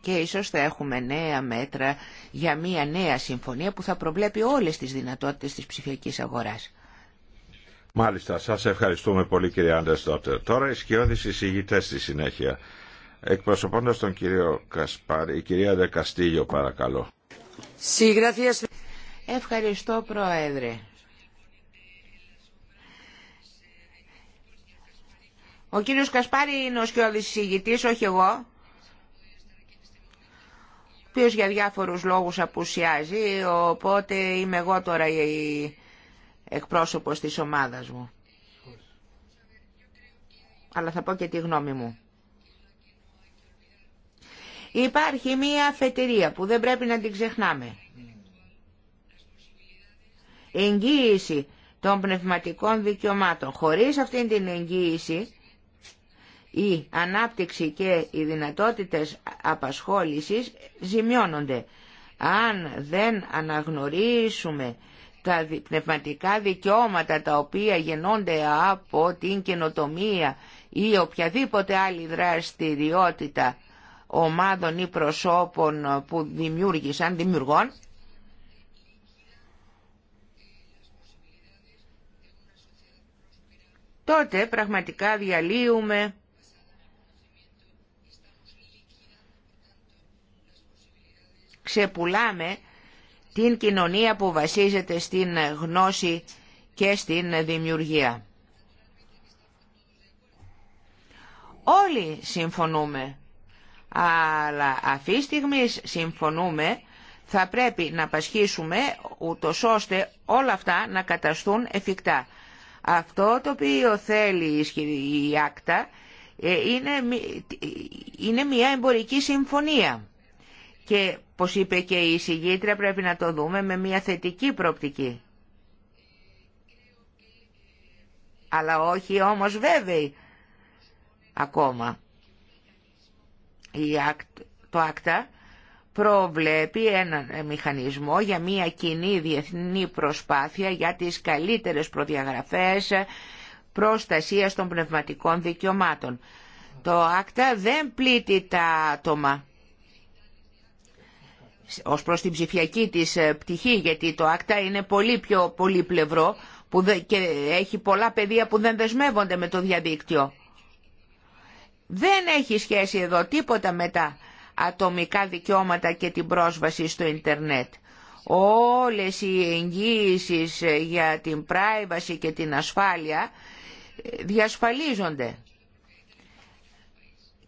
Και ίσως θα έχουμε νέα μέτρα για μια νέα συμφωνία που θα προβλέπει όλες τις δυνατότητες της ψηφιακής αγοράς. Μάλιστα, σας ευχαριστούμε πολύ κύριε Άντερστότερ. Τώρα οι σκιώδεις εισηγητές στη συνέχεια. Εκπροσωπώντας τον κύριο Κασπάρη, η κυρία Δεκαστήλιο παρακαλώ. Ευχαριστώ Πρόεδρε. Ο κύριος Κασπάρη είναι ο σκιώδης συγητής, όχι εγώ, ο οποίος για διάφορους λόγους απουσιάζει, οπότε είμαι εγώ τώρα η εκπρόσωπος της ομάδας μου. Αλλά θα πω και τη γνώμη μου. Υπάρχει μία αφετηρία που δεν πρέπει να την ξεχνάμε. Εγγύηση των πνευματικών δικαιωμάτων. Χωρίς αυτήν την εγγύηση η ανάπτυξη και οι δυνατότητες απασχόλησης ζημιώνονται. Αν δεν αναγνωρίσουμε τα πνευματικά δικαιώματα τα οποία γεννώνται από την καινοτομία ή οποιαδήποτε άλλη δραστηριότητα ομάδων ή προσώπων που δημιούργησαν, δημιουργών, τότε πραγματικά διαλύουμε ξεπουλάμε την κοινωνία που βασίζεται στην γνώση και στην δημιουργία. Όλοι συμφωνούμε αλλά αυτή τη στιγμή συμφωνούμε θα πρέπει να πασχίσουμε ούτω ώστε όλα αυτά να καταστούν εφικτά. Αυτό το οποίο θέλει η Άκτα ε, είναι, είναι μια εμπορική συμφωνία. Και, πως είπε και η συγγήτρια, πρέπει να το δούμε με μια θετική προοπτική. Αλλά όχι όμως βέβαιη ακόμα το ΑΚΤΑ προβλέπει έναν μηχανισμό για μια κοινή διεθνή προσπάθεια για τις καλύτερες προδιαγραφές προστασίας των πνευματικών δικαιωμάτων. Το ΑΚΤΑ δεν πλήττει τα άτομα ως προς την ψηφιακή της πτυχή, γιατί το ΑΚΤΑ είναι πολύ πιο πολύπλευρο που και έχει πολλά πεδία που δεν δεσμεύονται με το διαδίκτυο. Δεν έχει σχέση εδώ τίποτα με τα ατομικά δικαιώματα και την πρόσβαση στο ίντερνετ. Όλες οι εγγύησεις για την πράιβαση και την ασφάλεια ε, διασφαλίζονται.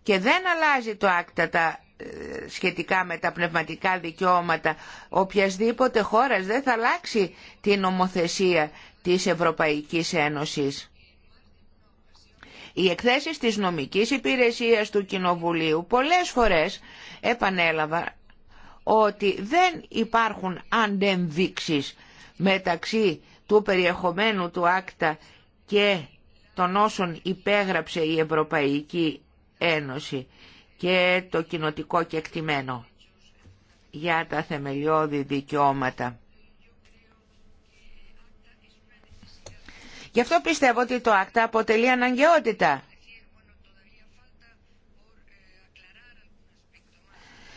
Και δεν αλλάζει το άκτα τα ε, σχετικά με τα πνευματικά δικαιώματα οποιασδήποτε χώρας δεν θα αλλάξει την νομοθεσία της Ευρωπαϊκής Ένωσης. Οι εκθέσεις της νομικής υπηρεσίας του Κοινοβουλίου πολλές φορές επανέλαβε ότι δεν υπάρχουν αντεμβήξεις μεταξύ του περιεχομένου του άκτα και των όσων υπέγραψε η Ευρωπαϊκή Ένωση και το κοινοτικό κεκτημένο για τα θεμελιώδη δικαιώματα. Γι' αυτό πιστεύω ότι το ΑΚΤΑ αποτελεί αναγκαιότητα.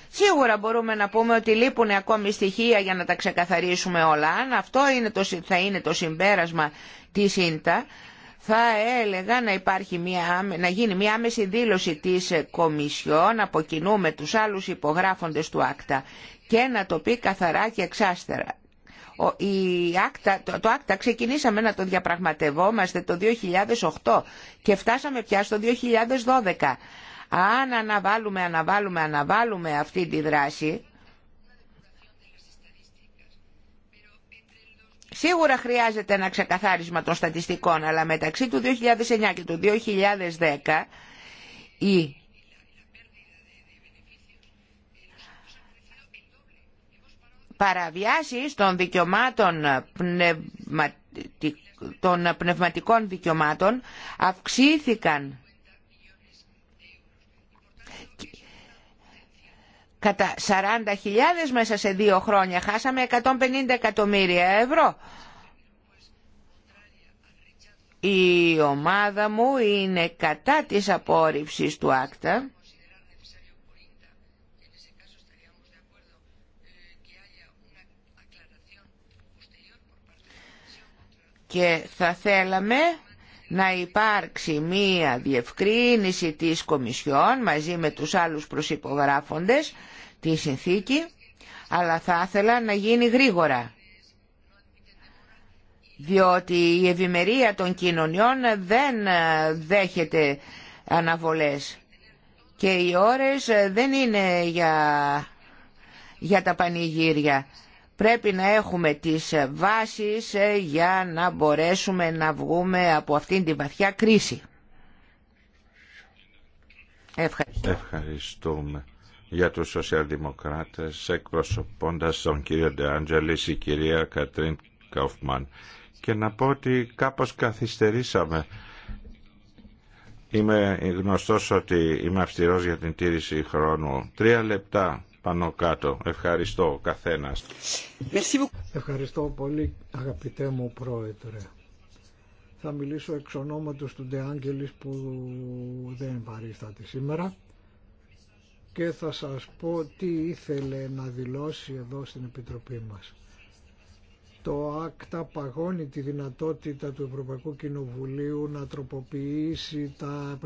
Σίγουρα μπορούμε να πούμε ότι λείπουν ακόμη στοιχεία για να τα ξεκαθαρίσουμε όλα. Αν αυτό είναι το, θα είναι το συμπέρασμα της ΙΝΤΑ, θα έλεγα να, υπάρχει μια, να γίνει μια άμεση δήλωση της Κομισιόν από κοινού με τους άλλους υπογράφοντες του Άκτα και να το πει καθαρά και εξάστερα το, το άκτα ξεκινήσαμε να το διαπραγματευόμαστε το 2008 και φτάσαμε πια στο 2012. Αν αναβάλουμε, αναβάλουμε, αναβάλουμε αυτή τη δράση, Σίγουρα χρειάζεται ένα ξεκαθάρισμα των στατιστικών, αλλά μεταξύ του 2009 και του 2010 η παραβιάσεις των δικαιωμάτων των πνευματικών δικαιωμάτων αυξήθηκαν κατά 40.000 μέσα σε δύο χρόνια. Χάσαμε 150 εκατομμύρια ευρώ. Η ομάδα μου είναι κατά της απόρριψης του άκτα. και θα θέλαμε να υπάρξει μία διευκρίνηση της Κομισιόν μαζί με τους άλλους προσυπογράφοντες τη συνθήκη, αλλά θα ήθελα να γίνει γρήγορα. Διότι η ευημερία των κοινωνιών δεν δέχεται αναβολές και οι ώρες δεν είναι για, για τα πανηγύρια. Πρέπει να έχουμε τις βάσεις ε, για να μπορέσουμε να βγούμε από αυτήν την βαθιά κρίση. Ευχαριστώ. Ευχαριστούμε για τους σοσιαλδημοκράτες εκπροσωπώντας τον κύριο Ντεάντζελης η κυρία Κατρίν Καουφμάν και να πω ότι κάπως καθυστερήσαμε είμαι γνωστός ότι είμαι αυστηρός για την τήρηση χρόνου τρία λεπτά πάνω κάτω. Ευχαριστώ καθένας. Ευχαριστώ πολύ αγαπητέ μου πρόεδρε. Θα μιλήσω εξ ονόματος του Ντεάγγελης που δεν παρίσταται σήμερα και θα σας πω τι ήθελε να δηλώσει εδώ στην Επιτροπή μας το άκτα παγώνει τη δυνατότητα του Ευρωπαϊκού Κοινοβουλίου να τροποποιήσει τα,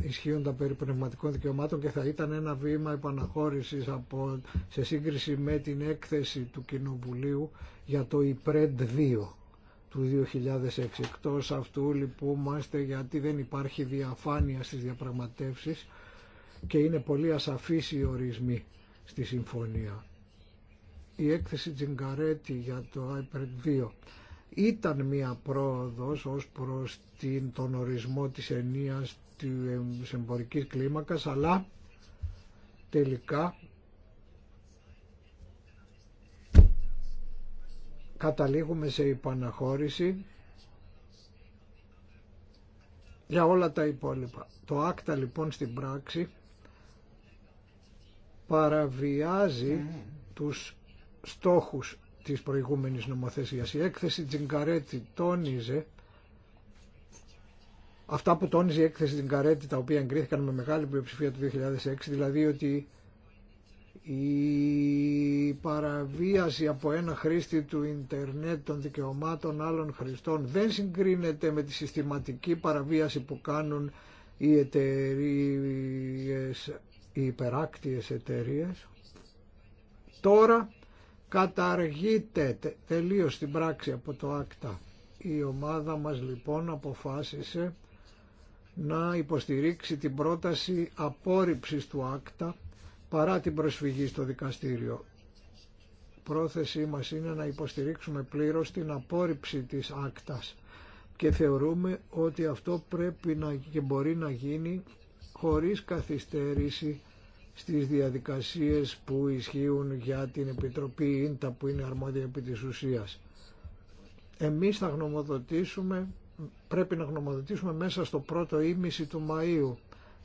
ισχύοντα περί πνευματικών δικαιωμάτων και θα ήταν ένα βήμα επαναχώρησης από, σε σύγκριση με την έκθεση του Κοινοβουλίου για το ΙΠΡΕΝΤ 2 του 2006. Εκτός αυτού λυπούμαστε γιατί δεν υπάρχει διαφάνεια στις διαπραγματεύσεις και είναι πολύ ασαφής οι ορισμοί στη συμφωνία η έκθεση Τζιγκαρέτη για το iPad 2 ήταν μία πρόοδος ως προς την, τον ορισμό της ενίας της εμπορικής κλίμακας, αλλά τελικά καταλήγουμε σε υπαναχώρηση για όλα τα υπόλοιπα. Το άκτα λοιπόν στην πράξη παραβιάζει ναι. τους στόχους της προηγούμενης νομοθεσίας. Η έκθεση Τζιγκαρέτη τόνιζε αυτά που τόνιζε η έκθεση Τζιγκαρέτη τα οποία εγκρίθηκαν με μεγάλη πλειοψηφία του 2006 δηλαδή ότι η παραβίαση από ένα χρήστη του ίντερνετ των δικαιωμάτων άλλων χρηστών δεν συγκρίνεται με τη συστηματική παραβίαση που κάνουν οι εταιρείες, οι υπεράκτιες εταιρείες. Τώρα καταργείται τελείως στην πράξη από το ΆΚΤΑ. Η ομάδα μας λοιπόν αποφάσισε να υποστηρίξει την πρόταση απόρριψης του ΆΚΤΑ παρά την προσφυγή στο δικαστήριο. Πρόθεσή μας είναι να υποστηρίξουμε πλήρως την απόρριψη της άκτας και θεωρούμε ότι αυτό πρέπει να και μπορεί να γίνει χωρίς καθυστέρηση στις διαδικασίες που ισχύουν για την Επιτροπή ΙΝΤΑ που είναι αρμόδια επί της ουσίας. Εμείς θα γνωμοδοτήσουμε, πρέπει να γνωμοδοτήσουμε μέσα στο πρώτο ήμιση του Μαΐου.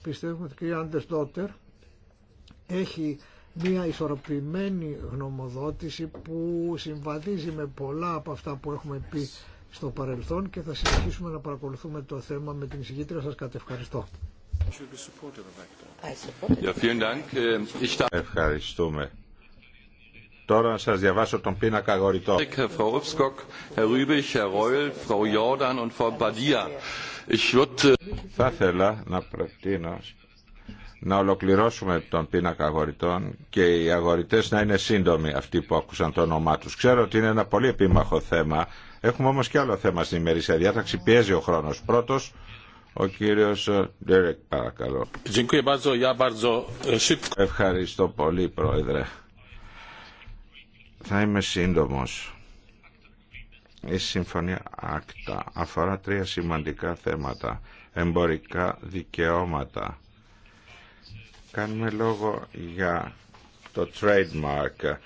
Πιστεύουμε ότι η κυρία Άντες Ντότερ έχει μια ισορροπημένη γνωμοδότηση που συμβαδίζει με πολλά από αυτά που έχουμε πει στο παρελθόν και θα συνεχίσουμε να παρακολουθούμε το θέμα με την εισηγήτρια σας. Κατευχαριστώ. Äh, Ευχαριστούμε. Τώρα να σας διαβάσω τον πίνακα αγορητών Θα ήθελα να προτείνω να ολοκληρώσουμε τον πίνακα αγορητών και οι αγορητές να είναι σύντομοι αυτοί που άκουσαν το όνομά τους. Ξέρω ότι είναι ένα πολύ επίμαχο θέμα. Έχουμε όμως και άλλο θέμα στην ημερήσια διάταξη. Πιέζει ο χρόνος. Πρώτος, ο κύριος Ντέρεκ παρακαλώ. E, Ευχαριστώ πολύ πρόεδρε. Θα είμαι σύντομος. Η Συμφωνία Άκτα αφορά τρία σημαντικά θέματα. Εμπορικά δικαιώματα. Κάνουμε λόγο για το trademark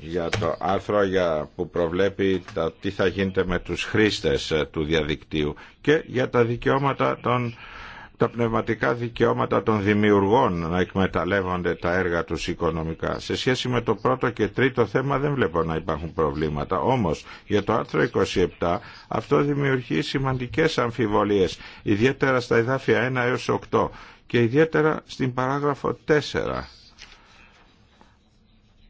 για το άρθρο για, που προβλέπει τι θα γίνεται με τους χρήστες ε, του διαδικτύου και για τα δικαιώματα των τα πνευματικά δικαιώματα των δημιουργών να εκμεταλλεύονται τα έργα τους οικονομικά. Σε σχέση με το πρώτο και τρίτο θέμα δεν βλέπω να υπάρχουν προβλήματα. Όμως για το άρθρο 27 αυτό δημιουργεί σημαντικές αμφιβολίες, ιδιαίτερα στα εδάφια 1 έως 8 και ιδιαίτερα στην παράγραφο 4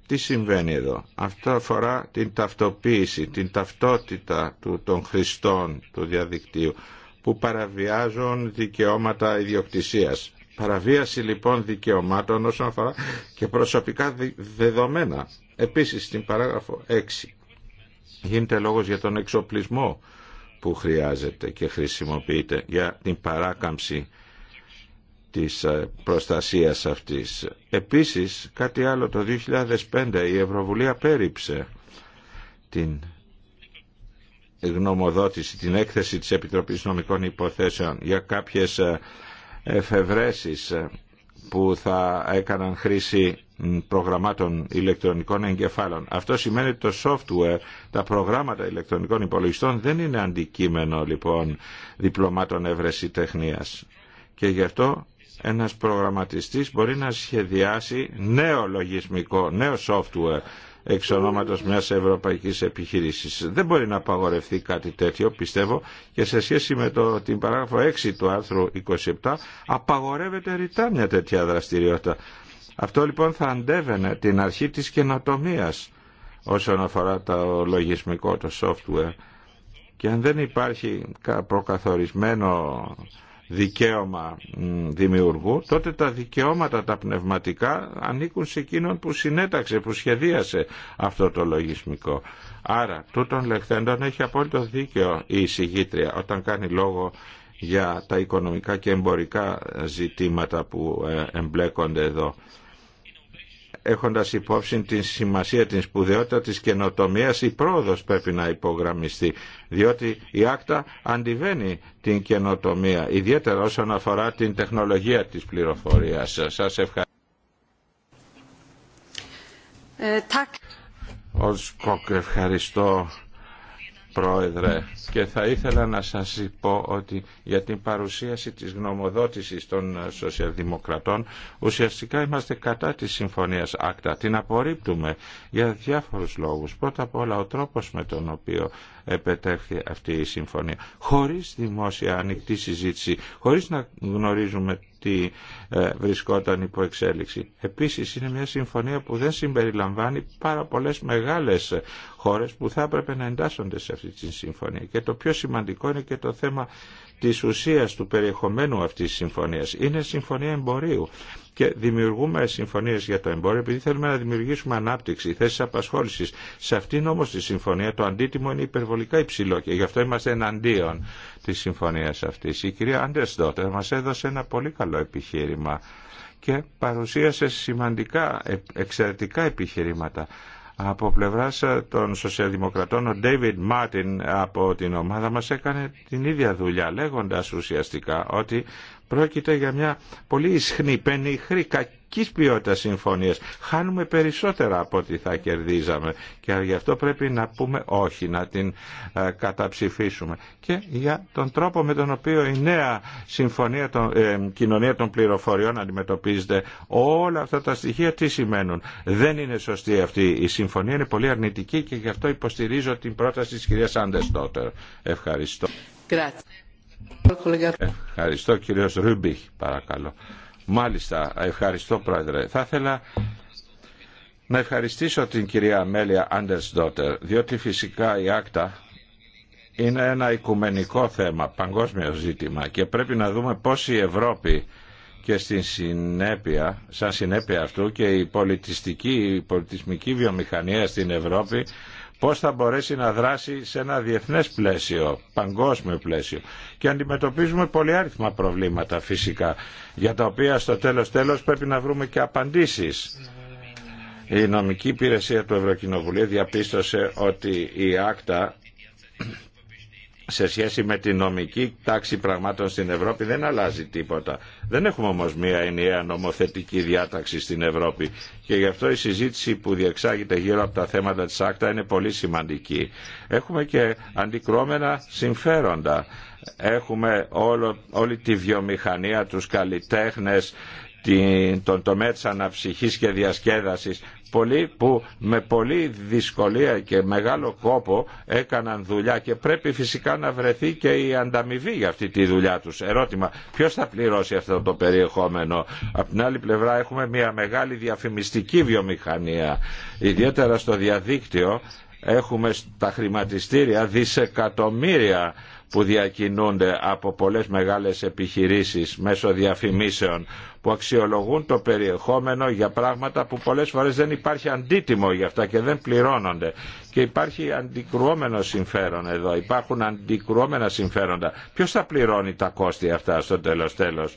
τι συμβαίνει εδώ. Αυτό αφορά την ταυτοποίηση, την ταυτότητα του, των χρηστών του διαδικτύου που παραβιάζουν δικαιώματα ιδιοκτησίας. Παραβίαση λοιπόν δικαιωμάτων όσον αφορά και προσωπικά δεδομένα. Επίσης στην παράγραφο 6 γίνεται λόγος για τον εξοπλισμό που χρειάζεται και χρησιμοποιείται για την παράκαμψη της ε, προστασίας αυτής. Επίσης, κάτι άλλο, το 2005 η Ευρωβουλή πέριψε την γνωμοδότηση, την έκθεση της Επιτροπής Νομικών Υποθέσεων για κάποιες ε, εφευρέσεις ε, που θα έκαναν χρήση προγραμμάτων ηλεκτρονικών εγκεφάλων. Αυτό σημαίνει ότι το software, τα προγράμματα ηλεκτρονικών υπολογιστών δεν είναι αντικείμενο λοιπόν διπλωμάτων εύρεση τεχνίας. Και γι' αυτό ένας προγραμματιστής μπορεί να σχεδιάσει νέο λογισμικό, νέο software εξ ονόματος μιας ευρωπαϊκής επιχείρησης. Δεν μπορεί να απαγορευτεί κάτι τέτοιο, πιστεύω, και σε σχέση με το, την παράγραφο 6 του άρθρου 27 απαγορεύεται ρητά μια τέτοια δραστηριότητα. Αυτό λοιπόν θα αντέβαινε την αρχή της καινοτομίας όσον αφορά το λογισμικό, το software. Και αν δεν υπάρχει προκαθορισμένο δικαίωμα δημιουργού, τότε τα δικαιώματα τα πνευματικά ανήκουν σε εκείνον που συνέταξε, που σχεδίασε αυτό το λογισμικό. Άρα, τούτον λεχθέντων έχει απόλυτο δίκαιο η εισηγήτρια όταν κάνει λόγο για τα οικονομικά και εμπορικά ζητήματα που ε, εμπλέκονται εδώ έχοντας υπόψη την σημασία, την σπουδαιότητα της καινοτομίας, η πρόοδος πρέπει να υπογραμμιστεί, διότι η άκτα αντιβαίνει την καινοτομία, ιδιαίτερα όσον αφορά την τεχνολογία της πληροφορίας. Σας ε, ευχαριστώ. ευχαριστώ. Πρόεδρε και θα ήθελα να σας πω ότι για την παρουσίαση της γνωμοδότησης των σοσιαλδημοκρατών ουσιαστικά είμαστε κατά της συμφωνίας ΑΚΤΑ. Την απορρίπτουμε για διάφορους λόγους. Πρώτα απ' όλα ο τρόπος με τον οποίο επετεύχθη αυτή η συμφωνία. Χωρίς δημόσια ανοιχτή συζήτηση, χωρίς να γνωρίζουμε τι ε, βρισκόταν υπό εξέλιξη. Επίσης είναι μια συμφωνία που δεν συμπεριλαμβάνει πάρα πολλές μεγάλες χώρες που θα έπρεπε να εντάσσονται σε αυτή τη συμφωνία. Και το πιο σημαντικό είναι και το θέμα της ουσίας του περιεχομένου αυτής της συμφωνίας. Είναι συμφωνία εμπορίου και δημιουργούμε συμφωνίες για το εμπόριο επειδή θέλουμε να δημιουργήσουμε ανάπτυξη, θέσεις απασχόλησης. Σε αυτήν όμως τη συμφωνία το αντίτιμο είναι υπερβολικά υψηλό και γι' αυτό είμαστε εναντίον της συμφωνίας αυτής. Η κυρία Στότερ μας έδωσε ένα πολύ καλό επιχείρημα και παρουσίασε σημαντικά, εξαιρετικά επιχειρήματα. Από πλευράς των σοσιαλδημοκρατών ο Ντέιβιντ Μάρτιν από την ομάδα μας έκανε την ίδια δουλειά λέγοντας ουσιαστικά ότι Πρόκειται για μια πολύ ισχνή, πενιχρή, κακή ποιότητα συμφωνία. Χάνουμε περισσότερα από ό,τι θα κερδίζαμε. Και γι' αυτό πρέπει να πούμε όχι, να την ε, καταψηφίσουμε. Και για τον τρόπο με τον οποίο η νέα συμφωνία των, ε, κοινωνία των πληροφοριών αντιμετωπίζεται, όλα αυτά τα στοιχεία τι σημαίνουν. Δεν είναι σωστή αυτή η συμφωνία, είναι πολύ αρνητική και γι' αυτό υποστηρίζω την πρόταση τη κυρία Άντερ Ευχαριστώ. Ευχαριστώ κύριος Ρούμπιχ παρακαλώ. Μάλιστα, ευχαριστώ πρόεδρε. Θα ήθελα να ευχαριστήσω την κυρία Μέλια Άντερς Ντότερ, διότι φυσικά η Άκτα είναι ένα οικουμενικό θέμα, παγκόσμιο ζήτημα και πρέπει να δούμε πώς η Ευρώπη και στην συνέπεια, σαν συνέπεια αυτού και η πολιτιστική, η πολιτισμική βιομηχανία στην Ευρώπη πώς θα μπορέσει να δράσει σε ένα διεθνές πλαίσιο, παγκόσμιο πλαίσιο. Και αντιμετωπίζουμε πολυάριθμα προβλήματα φυσικά, για τα οποία στο τέλος τέλος πρέπει να βρούμε και απαντήσεις. Η νομική υπηρεσία του Ευρωκοινοβουλίου διαπίστωσε ότι η άκτα σε σχέση με την νομική τάξη πραγμάτων στην Ευρώπη δεν αλλάζει τίποτα. Δεν έχουμε όμως μία ενιαία νομοθετική διάταξη στην Ευρώπη και γι' αυτό η συζήτηση που διεξάγεται γύρω από τα θέματα της ΑΚΤΑ είναι πολύ σημαντική. Έχουμε και αντικρώμενα συμφέροντα. Έχουμε όλο, όλη τη βιομηχανία, τους καλλιτέχνες, τον τομέα της αναψυχής και διασκέδασης πολλοί που με πολλή δυσκολία και μεγάλο κόπο έκαναν δουλειά και πρέπει φυσικά να βρεθεί και η ανταμοιβή για αυτή τη δουλειά τους. Ερώτημα, ποιος θα πληρώσει αυτό το περιεχόμενο. Απ' την άλλη πλευρά έχουμε μια μεγάλη διαφημιστική βιομηχανία, ιδιαίτερα στο διαδίκτυο έχουμε στα χρηματιστήρια δισεκατομμύρια που διακινούνται από πολλές μεγάλες επιχειρήσεις μέσω διαφημίσεων που αξιολογούν το περιεχόμενο για πράγματα που πολλές φορές δεν υπάρχει αντίτιμο για αυτά και δεν πληρώνονται. Και υπάρχει αντικρουόμενο συμφέρον εδώ, υπάρχουν αντικρουόμενα συμφέροντα. Ποιος θα πληρώνει τα κόστη αυτά στο τέλος τέλος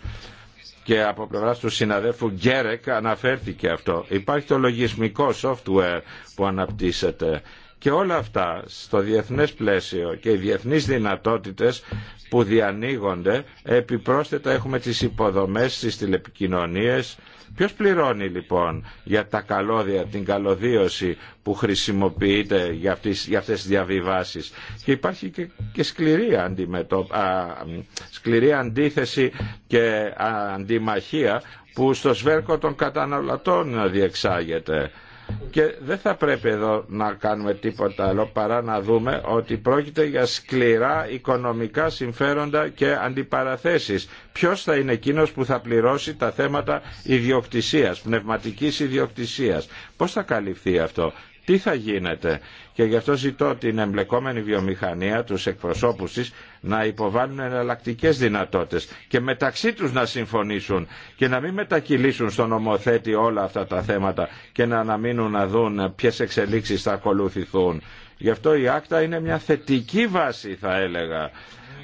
και από πλευρά του συναδέλφου Γκέρεκ αναφέρθηκε αυτό. Υπάρχει το λογισμικό software που αναπτύσσεται και όλα αυτά στο διεθνές πλαίσιο και οι διεθνείς δυνατότητες που διανοίγονται, επιπρόσθετα έχουμε τις υποδομές, τις τηλεπικοινωνίες. Ποιος πληρώνει λοιπόν για τα καλώδια, την καλωδίωση που χρησιμοποιείται για αυτές, για αυτές τις διαβιβάσεις. Και υπάρχει και, και σκληρή, α, σκληρή αντίθεση και αντιμαχία που στο σβέρκο των καταναλωτών διεξάγεται. Και δεν θα πρέπει εδώ να κάνουμε τίποτα άλλο παρά να δούμε ότι πρόκειται για σκληρά οικονομικά συμφέροντα και αντιπαραθέσεις. Ποιος θα είναι εκείνος που θα πληρώσει τα θέματα ιδιοκτησίας, πνευματικής ιδιοκτησίας. Πώς θα καλυφθεί αυτό τι θα γίνεται. Και γι' αυτό ζητώ την εμπλεκόμενη βιομηχανία, τους εκπροσώπους της, να υποβάλουν εναλλακτικές δυνατότητες και μεταξύ τους να συμφωνήσουν και να μην μετακυλήσουν στον νομοθέτη όλα αυτά τα θέματα και να αναμείνουν να δουν ποιες εξελίξεις θα ακολουθηθούν. Γι' αυτό η άκτα είναι μια θετική βάση θα έλεγα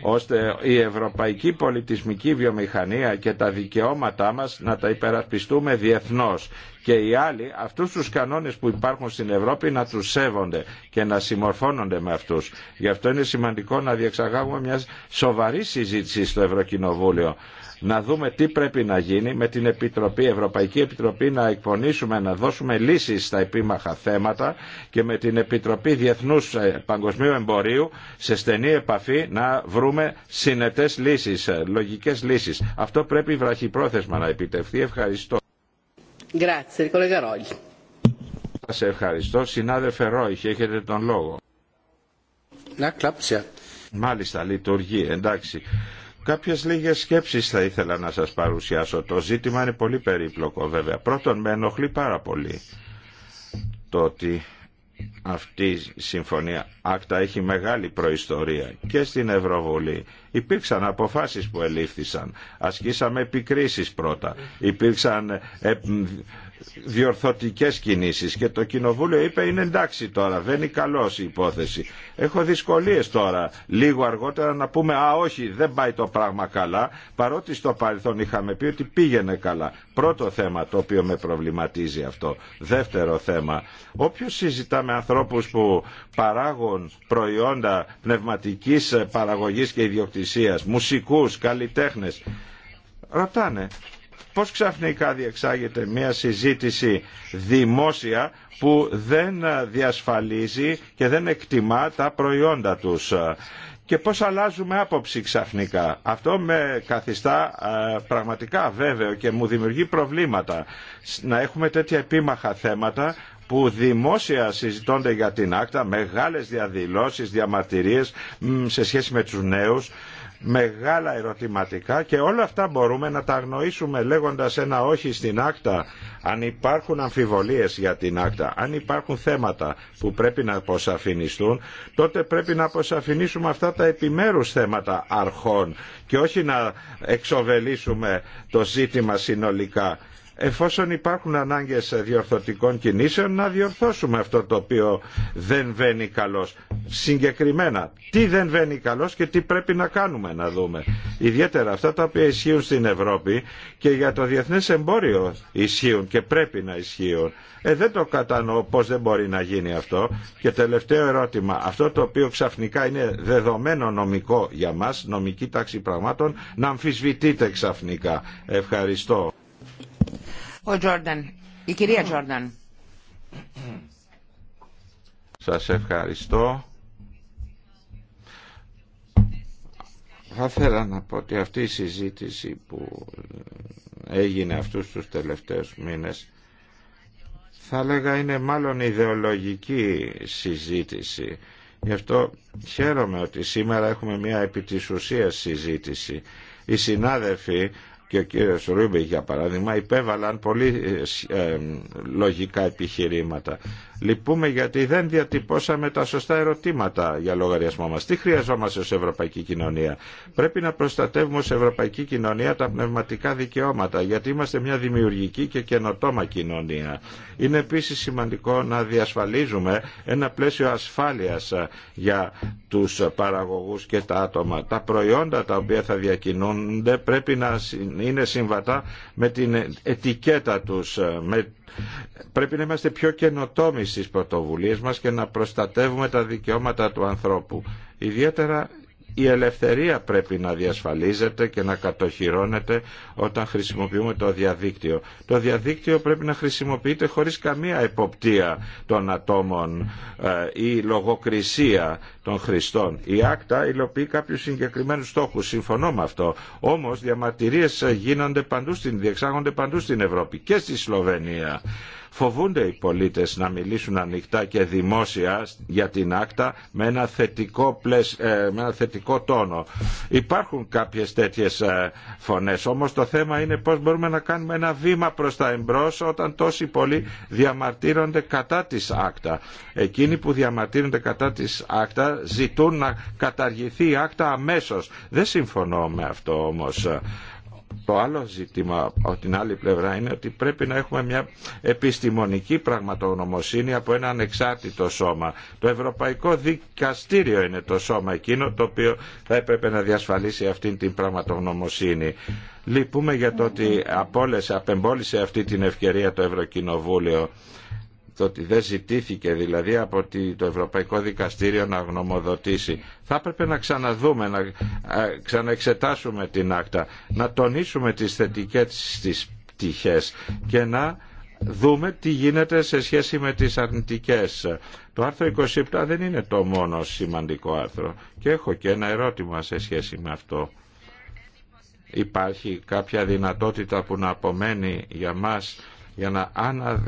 ώστε η ευρωπαϊκή πολιτισμική βιομηχανία και τα δικαιώματά μας να τα υπερασπιστούμε διεθνώς και οι άλλοι αυτούς τους κανόνες που υπάρχουν στην Ευρώπη να τους σέβονται και να συμμορφώνονται με αυτούς. Γι' αυτό είναι σημαντικό να διεξαγάγουμε μια σοβαρή συζήτηση στο Ευρωκοινοβούλιο να δούμε τι πρέπει να γίνει με την Επιτροπή, Ευρωπαϊκή Επιτροπή να εκπονήσουμε, να δώσουμε λύσεις στα επίμαχα θέματα και με την Επιτροπή Διεθνούς ε, Παγκοσμίου Εμπορίου σε στενή επαφή να βρούμε συνετές λύσεις, ε, λογικές λύσεις. Αυτό πρέπει βραχυπρόθεσμα να επιτευχθεί. Ευχαριστώ. Σας ευχαριστώ. Συνάδελφε Ρόιχ, έχετε τον λόγο. Μάλιστα, λειτουργεί. Εντάξει. Κάποιες λίγες σκέψεις θα ήθελα να σας παρουσιάσω. Το ζήτημα είναι πολύ περίπλοκο βέβαια. Πρώτον με ενοχλεί πάρα πολύ το ότι αυτή η συμφωνία άκτα έχει μεγάλη προϊστορία και στην Ευρωβουλή. Υπήρξαν αποφάσεις που ελήφθησαν. Ασκήσαμε επικρίσεις πρώτα. Υπήρξαν ε, διορθωτικές κινήσεις και το Κοινοβούλιο είπε είναι εντάξει τώρα, δεν είναι καλός η υπόθεση. Έχω δυσκολίες τώρα, λίγο αργότερα να πούμε α όχι δεν πάει το πράγμα καλά, παρότι στο παρελθόν είχαμε πει ότι πήγαινε καλά. Πρώτο θέμα το οποίο με προβληματίζει αυτό. Δεύτερο θέμα, όποιος συζητά με ανθρώπους που παράγουν προϊόντα πνευματικής παραγωγής και ιδιοκτησίας, μουσικούς, καλλιτέχνες, ρωτάνε πώς ξαφνικά διεξάγεται μια συζήτηση δημόσια που δεν διασφαλίζει και δεν εκτιμά τα προϊόντα τους και πώς αλλάζουμε άποψη ξαφνικά. Αυτό με καθιστά πραγματικά βέβαιο και μου δημιουργεί προβλήματα να έχουμε τέτοια επίμαχα θέματα που δημόσια συζητώνται για την άκτα, μεγάλες διαδηλώσεις, διαμαρτυρίες σε σχέση με τους νέους μεγάλα ερωτηματικά και όλα αυτά μπορούμε να τα αγνοήσουμε λέγοντας ένα όχι στην άκτα αν υπάρχουν αμφιβολίες για την άκτα, αν υπάρχουν θέματα που πρέπει να αποσαφινιστούν τότε πρέπει να αποσαφινίσουμε αυτά τα επιμέρους θέματα αρχών και όχι να εξοβελήσουμε το ζήτημα συνολικά εφόσον υπάρχουν ανάγκες διορθωτικών κινήσεων να διορθώσουμε αυτό το οποίο δεν βαίνει καλώς. Συγκεκριμένα, τι δεν βαίνει καλώς και τι πρέπει να κάνουμε να δούμε. Ιδιαίτερα αυτά τα οποία ισχύουν στην Ευρώπη και για το διεθνές εμπόριο ισχύουν και πρέπει να ισχύουν. Ε, δεν το κατανοώ πώς δεν μπορεί να γίνει αυτό. Και τελευταίο ερώτημα, αυτό το οποίο ξαφνικά είναι δεδομένο νομικό για μας, νομική τάξη πραγμάτων, να αμφισβητείτε ξαφνικά. Ευχαριστώ. Ο Τζόρνταν. Η κυρία mm. Τζόρνταν. Σας ευχαριστώ. Θα ήθελα να πω ότι αυτή η συζήτηση που έγινε αυτούς τους τελευταίους μήνες θα λέγα είναι μάλλον ιδεολογική συζήτηση. Γι' αυτό χαίρομαι ότι σήμερα έχουμε μια επί συζήτηση. Οι συνάδελφοι και ο κύριος Ρούμπι για παράδειγμα υπέβαλαν πολύ ε, ε, λογικά επιχειρήματα. Λυπούμε γιατί δεν διατυπώσαμε τα σωστά ερωτήματα για λογαριασμό μας. Τι χρειαζόμαστε ως Ευρωπαϊκή Κοινωνία. Πρέπει να προστατεύουμε ως Ευρωπαϊκή Κοινωνία τα πνευματικά δικαιώματα γιατί είμαστε μια δημιουργική και καινοτόμα κοινωνία. Είναι επίσης σημαντικό να διασφαλίζουμε ένα πλαίσιο ασφάλειας ε, για τους παραγωγούς και τα άτομα. Τα προϊόντα τα οποία θα διακινούνται πρέπει να είναι συμβατά με την ετικέτα τους, ε, με Πρέπει να είμαστε πιο καινοτόμοι στις πρωτοβουλίες μας και να προστατεύουμε τα δικαιώματα του ανθρώπου. Ιδιαίτερα η ελευθερία πρέπει να διασφαλίζεται και να κατοχυρώνεται όταν χρησιμοποιούμε το διαδίκτυο. Το διαδίκτυο πρέπει να χρησιμοποιείται χωρίς καμία εποπτεία των ατόμων ε, ή λογοκρισία των χρηστών. Η άκτα υλοποιεί κάποιους συγκεκριμένους στόχους, συμφωνώ με αυτό. Όμως διαμαρτυρίες γίνονται παντού στην, διεξάγονται παντού στην Ευρώπη και στη Σλοβενία. Φοβούνται οι πολίτες να μιλήσουν ανοιχτά και δημόσια για την άκτα με ένα θετικό, πλαισ... Ε, με ένα θετικό τόνο. Υπάρχουν κάποιες τέτοιες ε, φωνές, όμως το θέμα είναι πώς μπορούμε να κάνουμε ένα βήμα προς τα εμπρός όταν τόσοι πολλοί διαμαρτύρονται κατά της άκτα. Εκείνοι που διαμαρτύρονται κατά της άκτα ζητούν να καταργηθεί η άκτα αμέσως. Δεν συμφωνώ με αυτό όμως το άλλο ζήτημα από την άλλη πλευρά είναι ότι πρέπει να έχουμε μια επιστημονική πραγματογνωμοσύνη από ένα ανεξάρτητο σώμα. Το Ευρωπαϊκό Δικαστήριο είναι το σώμα εκείνο το οποίο θα έπρεπε να διασφαλίσει αυτή την πραγματογνωμοσύνη. Λυπούμε για το ότι απόλυσε, απεμπόλησε αυτή την ευκαιρία το Ευρωκοινοβούλιο το ότι δεν ζητήθηκε δηλαδή από το Ευρωπαϊκό Δικαστήριο να γνωμοδοτήσει. Θα έπρεπε να ξαναδούμε, να ξαναεξετάσουμε την άκτα, να τονίσουμε τις θετικές της πτυχές και να δούμε τι γίνεται σε σχέση με τις αρνητικές. Το άρθρο 27 δεν είναι το μόνο σημαντικό άρθρο και έχω και ένα ερώτημα σε σχέση με αυτό. Υπάρχει κάποια δυνατότητα που να απομένει για μας για να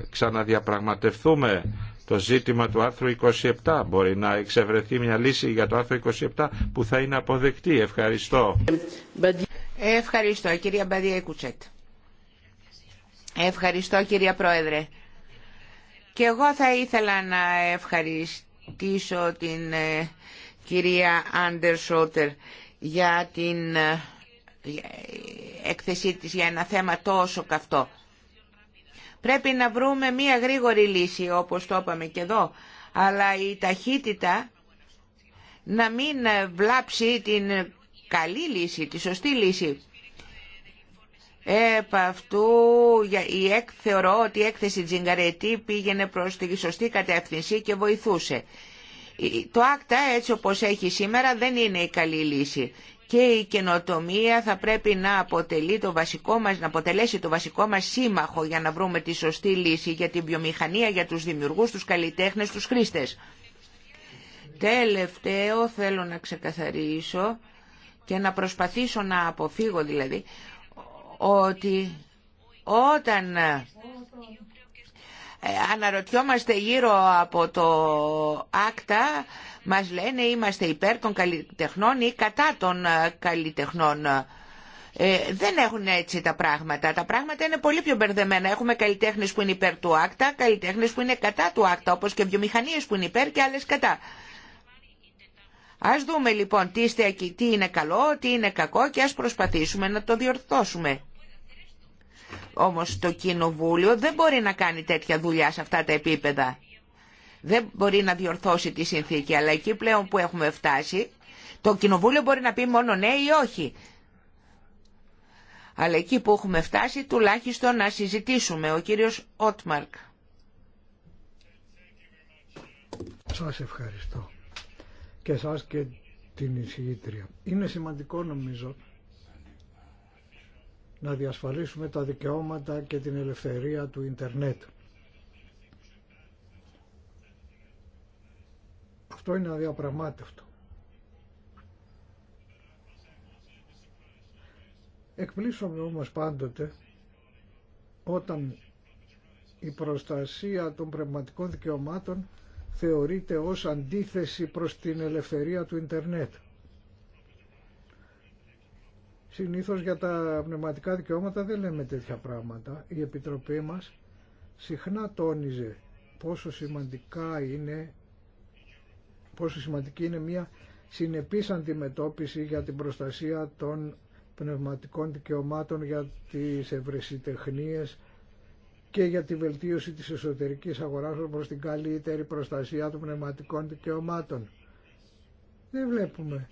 ξαναδιαπραγματευτούμε το ζήτημα του άρθρου 27. Μπορεί να εξευρεθεί μια λύση για το άρθρο 27 που θα είναι αποδεκτή. Ευχαριστώ. Ευχαριστώ κυρία Μπαδία Κουτσέτ. Ευχαριστώ κυρία Πρόεδρε. Και εγώ θα ήθελα να ευχαριστήσω την ε, κυρία Άντερ Σότερ για την έκθεσή ε, ε, της για ένα θέμα τόσο καυτό. Πρέπει να βρούμε μία γρήγορη λύση όπως το είπαμε και εδώ. Αλλά η ταχύτητα να μην βλάψει την καλή λύση, τη σωστή λύση. Επ' αυτού η θεωρώ ότι η έκθεση Τζιγκαρετή πήγαινε προς τη σωστή κατεύθυνση και βοηθούσε. Το άκτα έτσι όπως έχει σήμερα δεν είναι η καλή λύση και η καινοτομία θα πρέπει να, αποτελεί το βασικό μας, να αποτελέσει το βασικό μας σύμμαχο για να βρούμε τη σωστή λύση για την βιομηχανία, για τους δημιουργούς, τους καλλιτέχνες, τους χρήστες. Τελευταίο θέλω να ξεκαθαρίσω και να προσπαθήσω να αποφύγω δηλαδή ότι όταν ε, αναρωτιόμαστε γύρω από το άκτα μας λένε είμαστε υπέρ των καλλιτεχνών ή κατά των ε, καλλιτεχνών. Ε, δεν έχουν έτσι τα πράγματα. Τα πράγματα είναι πολύ πιο μπερδεμένα. Έχουμε καλλιτέχνες που είναι υπέρ του άκτα, καλλιτέχνες που είναι κατά του άκτα, όπως και βιομηχανίες που είναι υπέρ και άλλες κατά. Ας δούμε λοιπόν τι, είστε, τι είναι καλό, τι είναι κακό και ας προσπαθήσουμε να το διορθώσουμε. Όμως το Κοινοβούλιο δεν μπορεί να κάνει τέτοια δουλειά σε αυτά τα επίπεδα δεν μπορεί να διορθώσει τη συνθήκη, αλλά εκεί πλέον που έχουμε φτάσει, το κοινοβούλιο μπορεί να πει μόνο ναι ή όχι. Αλλά εκεί που έχουμε φτάσει, τουλάχιστον να συζητήσουμε. Ο κύριος Ότμαρκ. Σας ευχαριστώ. Και σας και την εισηγήτρια. Είναι σημαντικό νομίζω να διασφαλίσουμε τα δικαιώματα και την ελευθερία του ίντερνετ. Αυτό είναι αδιαπραγμάτευτο. Εκπλήσωμε όμως πάντοτε όταν η προστασία των πνευματικών δικαιωμάτων θεωρείται ως αντίθεση προς την ελευθερία του ίντερνετ. Συνήθως για τα πνευματικά δικαιώματα δεν λέμε τέτοια πράγματα. Η Επιτροπή μας συχνά τόνιζε πόσο σημαντικά είναι πόσο σημαντική είναι μια συνεπής αντιμετώπιση για την προστασία των πνευματικών δικαιωμάτων για τις ευρεσιτεχνίες και για τη βελτίωση της εσωτερικής αγοράς προς την καλύτερη προστασία των πνευματικών δικαιωμάτων. Δεν βλέπουμε.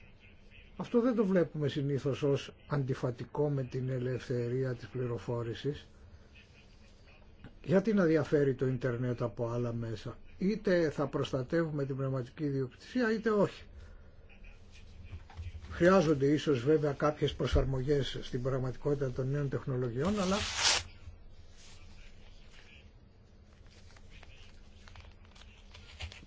Αυτό δεν το βλέπουμε συνήθως ως αντιφατικό με την ελευθερία της πληροφόρησης. Γιατί να διαφέρει το ίντερνετ από άλλα μέσα είτε θα προστατεύουμε την πνευματική ιδιοκτησία είτε όχι. Χρειάζονται ίσως βέβαια κάποιες προσαρμογές στην πραγματικότητα των νέων τεχνολογιών, αλλά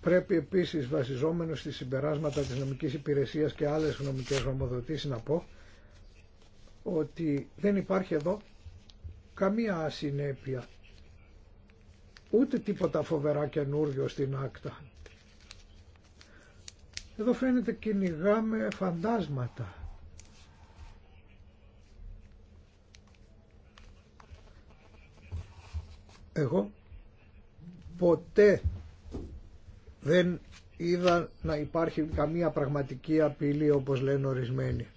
πρέπει επίσης βασιζόμενο στις συμπεράσματα της νομικής υπηρεσίας και άλλες νομικές νομοδοτήσεις να πω ότι δεν υπάρχει εδώ καμία ασυνέπεια ούτε τίποτα φοβερά καινούριο στην άκτα. Εδώ φαίνεται κυνηγάμε φαντάσματα. Εγώ ποτέ δεν είδα να υπάρχει καμία πραγματική απειλή όπως λένε ορισμένοι.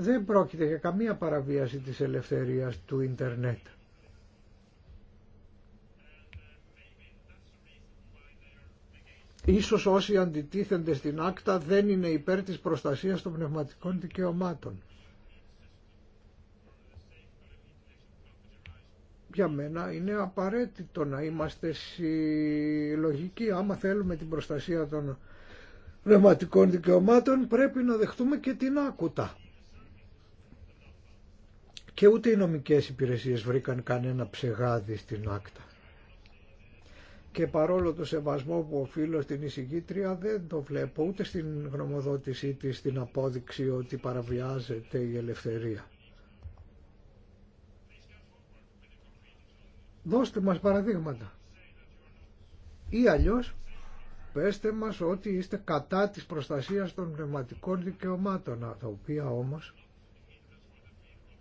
δεν πρόκειται για καμία παραβίαση της ελευθερίας του ίντερνετ. Ίσως όσοι αντιτίθενται στην άκτα δεν είναι υπέρ της προστασίας των πνευματικών δικαιωμάτων. Για μένα είναι απαραίτητο να είμαστε συλλογικοί. Άμα θέλουμε την προστασία των πνευματικών δικαιωμάτων πρέπει να δεχτούμε και την άκουτα και ούτε οι νομικές υπηρεσίες βρήκαν κανένα ψεγάδι στην άκτα. Και παρόλο το σεβασμό που οφείλω στην εισηγήτρια δεν το βλέπω ούτε στην γνωμοδότησή της στην απόδειξη ότι παραβιάζεται η ελευθερία. Δώστε μας παραδείγματα. Ή αλλιώς πέστε μας ότι είστε κατά της προστασίας των πνευματικών δικαιωμάτων, τα οποία όμως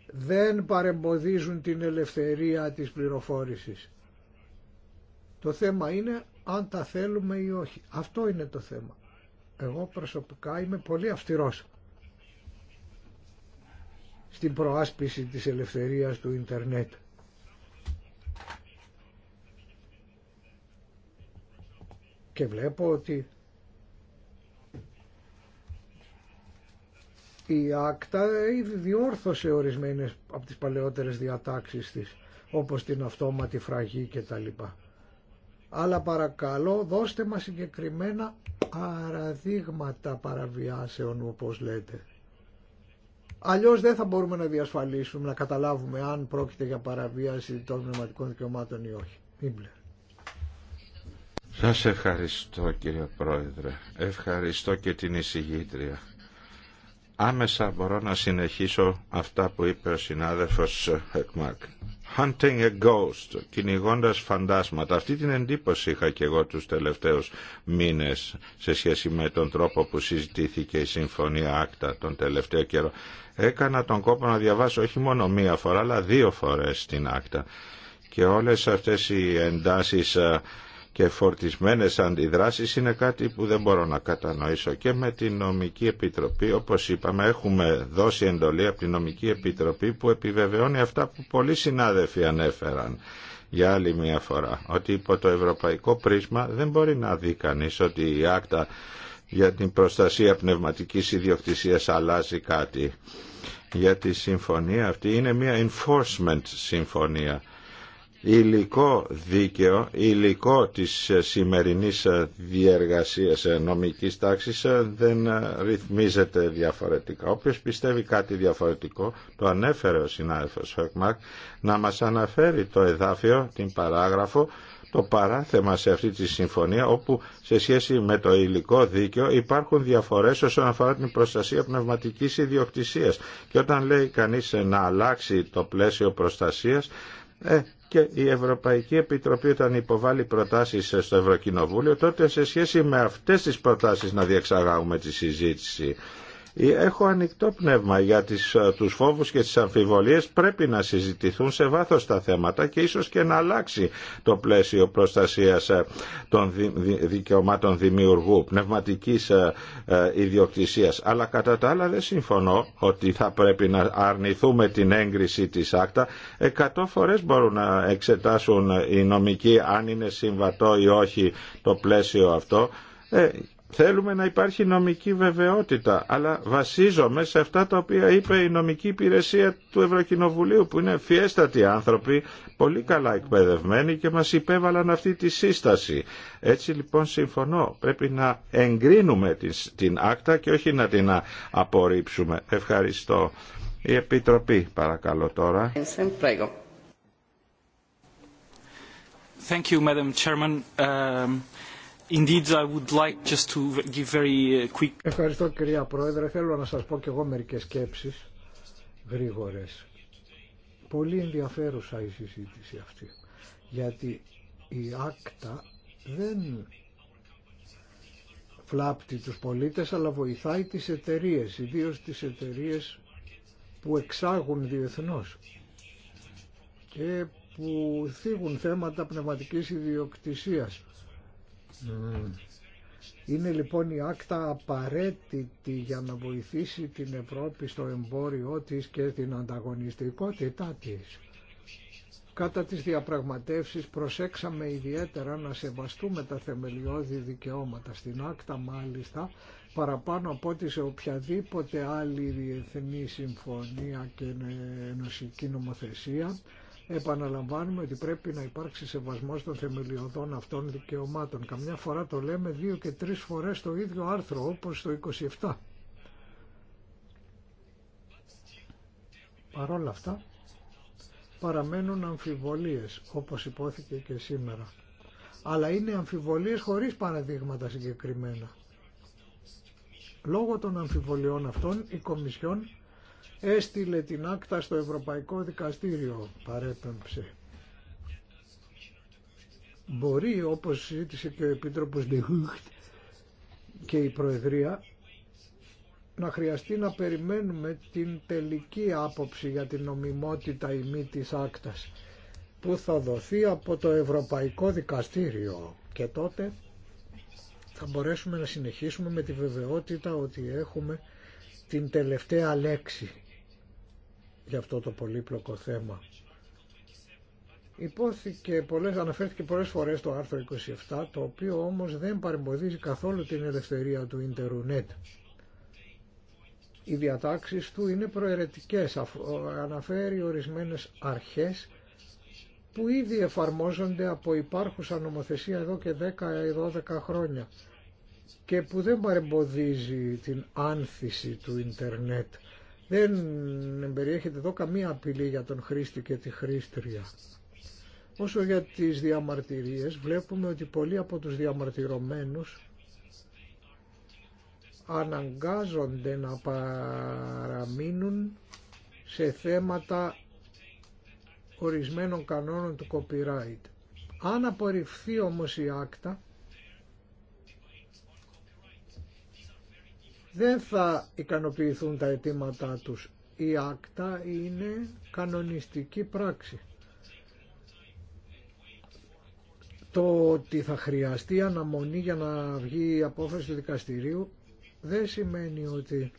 δεν παρεμποδίζουν την ελευθερία της πληροφόρησης. Το θέμα είναι αν τα θέλουμε ή όχι. Αυτό είναι το θέμα. Εγώ προσωπικά είμαι πολύ αυστηρός στην προάσπιση της ελευθερίας του ίντερνετ. Και βλέπω ότι η άκτα ήδη διόρθωσε ορισμένες από τις παλαιότερες διατάξεις της όπως την αυτόματη φραγή κτλ. Αλλά παρακαλώ δώστε μας συγκεκριμένα παραδείγματα παραβιάσεων όπως λέτε. Αλλιώς δεν θα μπορούμε να διασφαλίσουμε, να καταλάβουμε αν πρόκειται για παραβίαση των πνευματικών δικαιωμάτων ή όχι. Ήμπλε. Σας ευχαριστώ κύριε Πρόεδρε. Ευχαριστώ και την εισηγήτρια. Άμεσα μπορώ να συνεχίσω αυτά που είπε ο συνάδελφος Εκμακ. Hunting a ghost, κυνηγώντα φαντάσματα. Αυτή την εντύπωση είχα και εγώ τους τελευταίους μήνες σε σχέση με τον τρόπο που συζητήθηκε η Συμφωνία Άκτα τον τελευταίο καιρό. Έκανα τον κόπο να διαβάσω όχι μόνο μία φορά, αλλά δύο φορές την Άκτα. Και όλες αυτές οι εντάσεις και φορτισμένες αντιδράσεις είναι κάτι που δεν μπορώ να κατανοήσω και με την Νομική Επιτροπή όπως είπαμε έχουμε δώσει εντολή από την Νομική Επιτροπή που επιβεβαιώνει αυτά που πολλοί συνάδελφοι ανέφεραν για άλλη μια φορά ότι υπό το ευρωπαϊκό πρίσμα δεν μπορεί να δει κανεί ότι η άκτα για την προστασία πνευματικής ιδιοκτησίας αλλάζει κάτι για η συμφωνία αυτή είναι μια enforcement συμφωνία υλικό δίκαιο, υλικό της σημερινής διεργασίας νομικής τάξης δεν ρυθμίζεται διαφορετικά. Όποιος πιστεύει κάτι διαφορετικό, το ανέφερε ο συνάδελφος Φεκμακ, να μας αναφέρει το εδάφιο, την παράγραφο, το παράθεμα σε αυτή τη συμφωνία όπου σε σχέση με το υλικό δίκαιο υπάρχουν διαφορές όσον αφορά την προστασία πνευματικής ιδιοκτησίας και όταν λέει κανείς να αλλάξει το πλαίσιο προστασίας ε, και η Ευρωπαϊκή Επιτροπή όταν υποβάλλει προτάσεις στο Ευρωκοινοβούλιο τότε σε σχέση με αυτές τις προτάσεις να διεξαγάγουμε τη συζήτηση Έχω ανοιχτό πνεύμα για τις, ε, τους φόβους και τις αμφιβολίες. Πρέπει να συζητηθούν σε βάθος τα θέματα και ίσως και να αλλάξει το πλαίσιο προστασίας ε, των δικαιωμάτων δημιουργού, πνευματικής ε, ιδιοκτησίας. Αλλά κατά τα άλλα δεν συμφωνώ ότι θα πρέπει να αρνηθούμε την έγκριση της άκτα. Εκατό φορές μπορούν να εξετάσουν οι νομικοί αν είναι συμβατό ή όχι το πλαίσιο αυτό. Θέλουμε να υπάρχει νομική βεβαιότητα, αλλά βασίζομαι σε αυτά τα οποία είπε η νομική υπηρεσία του Ευρωκοινοβουλίου, που είναι φιέστατοι άνθρωποι, πολύ καλά εκπαιδευμένοι και μας υπέβαλαν αυτή τη σύσταση. Έτσι λοιπόν συμφωνώ, πρέπει να εγκρίνουμε την άκτα και όχι να την απορρίψουμε. Ευχαριστώ. Η Επιτροπή παρακαλώ τώρα. Thank you, Madam um, Ευχαριστώ κυρία Πρόεδρε. Θέλω να σας πω και εγώ μερικές σκέψεις γρήγορες. Πολύ ενδιαφέρουσα η συζήτηση αυτή. Γιατί η άκτα δεν φλάπτει τους πολίτες αλλά βοηθάει τις εταιρείες, ιδίως τις εταιρείες που εξάγουν διεθνώς και που θίγουν θέματα πνευματικής ιδιοκτησίας Mm. Είναι λοιπόν η άκτα απαραίτητη για να βοηθήσει την Ευρώπη στο εμπόριό της και την ανταγωνιστικότητά της. Κατά τις διαπραγματεύσεις προσέξαμε ιδιαίτερα να σεβαστούμε τα θεμελιώδη δικαιώματα. Στην άκτα μάλιστα παραπάνω από ό,τι σε οποιαδήποτε άλλη διεθνή συμφωνία και ενωσική νομοθεσία Επαναλαμβάνουμε ότι πρέπει να υπάρξει σεβασμός των θεμελιωδών αυτών δικαιωμάτων. Καμιά φορά το λέμε δύο και τρεις φορές το ίδιο άρθρο όπως το 27. Παρόλα αυτά παραμένουν αμφιβολίες όπως υπόθηκε και σήμερα. Αλλά είναι αμφιβολίες χωρίς παραδείγματα συγκεκριμένα. Λόγω των αμφιβολιών αυτών η Κομισιόν έστειλε την άκτα στο Ευρωπαϊκό Δικαστήριο παρέπεμψε. Μπορεί όπως ζήτησε και ο Επίτροπος και η Προεδρία να χρειαστεί να περιμένουμε την τελική άποψη για την νομιμότητα ή μη της άκτας που θα δοθεί από το Ευρωπαϊκό Δικαστήριο και τότε θα μπορέσουμε να συνεχίσουμε με τη βεβαιότητα ότι έχουμε την τελευταία λέξη για αυτό το πολύπλοκο θέμα. Υπόθηκε πολλές, αναφέρθηκε πολλές φορές το άρθρο 27, το οποίο όμως δεν παρεμποδίζει καθόλου την ελευθερία του Ιντερουνέτ. Οι διατάξεις του είναι προαιρετικές, αναφέρει ορισμένες αρχές που ήδη εφαρμόζονται από υπάρχουσα νομοθεσία εδώ και 10-12 χρόνια και που δεν παρεμποδίζει την άνθηση του ίντερνετ δεν περιέχεται εδώ καμία απειλή για τον χρήστη και τη χρήστρια. Όσο για τις διαμαρτυρίες βλέπουμε ότι πολλοί από τους διαμαρτυρωμένους αναγκάζονται να παραμείνουν σε θέματα ορισμένων κανόνων του copyright. Αν απορριφθεί όμως η άκτα δεν θα ικανοποιηθούν τα αιτήματά τους. Η άκτα είναι κανονιστική πράξη. Το ότι θα χρειαστεί αναμονή για να βγει η απόφαση του δικαστηρίου δεν σημαίνει ότι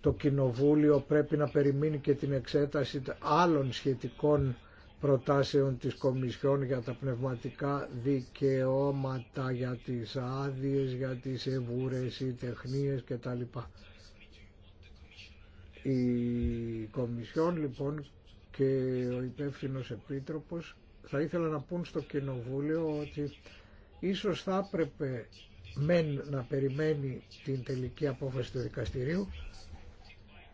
το Κοινοβούλιο πρέπει να περιμένει και την εξέταση άλλων σχετικών προτάσεων της Κομισιόν για τα πνευματικά δικαιώματα, για τις άδειε, για τις εβούρες ή τεχνίες κτλ. Η Κομισιόν λοιπόν και ο υπεύθυνο Επίτροπος θα ήθελα να πούν στο Κοινοβούλιο ότι ίσως θα έπρεπε μεν να περιμένει την τελική απόφαση του δικαστηρίου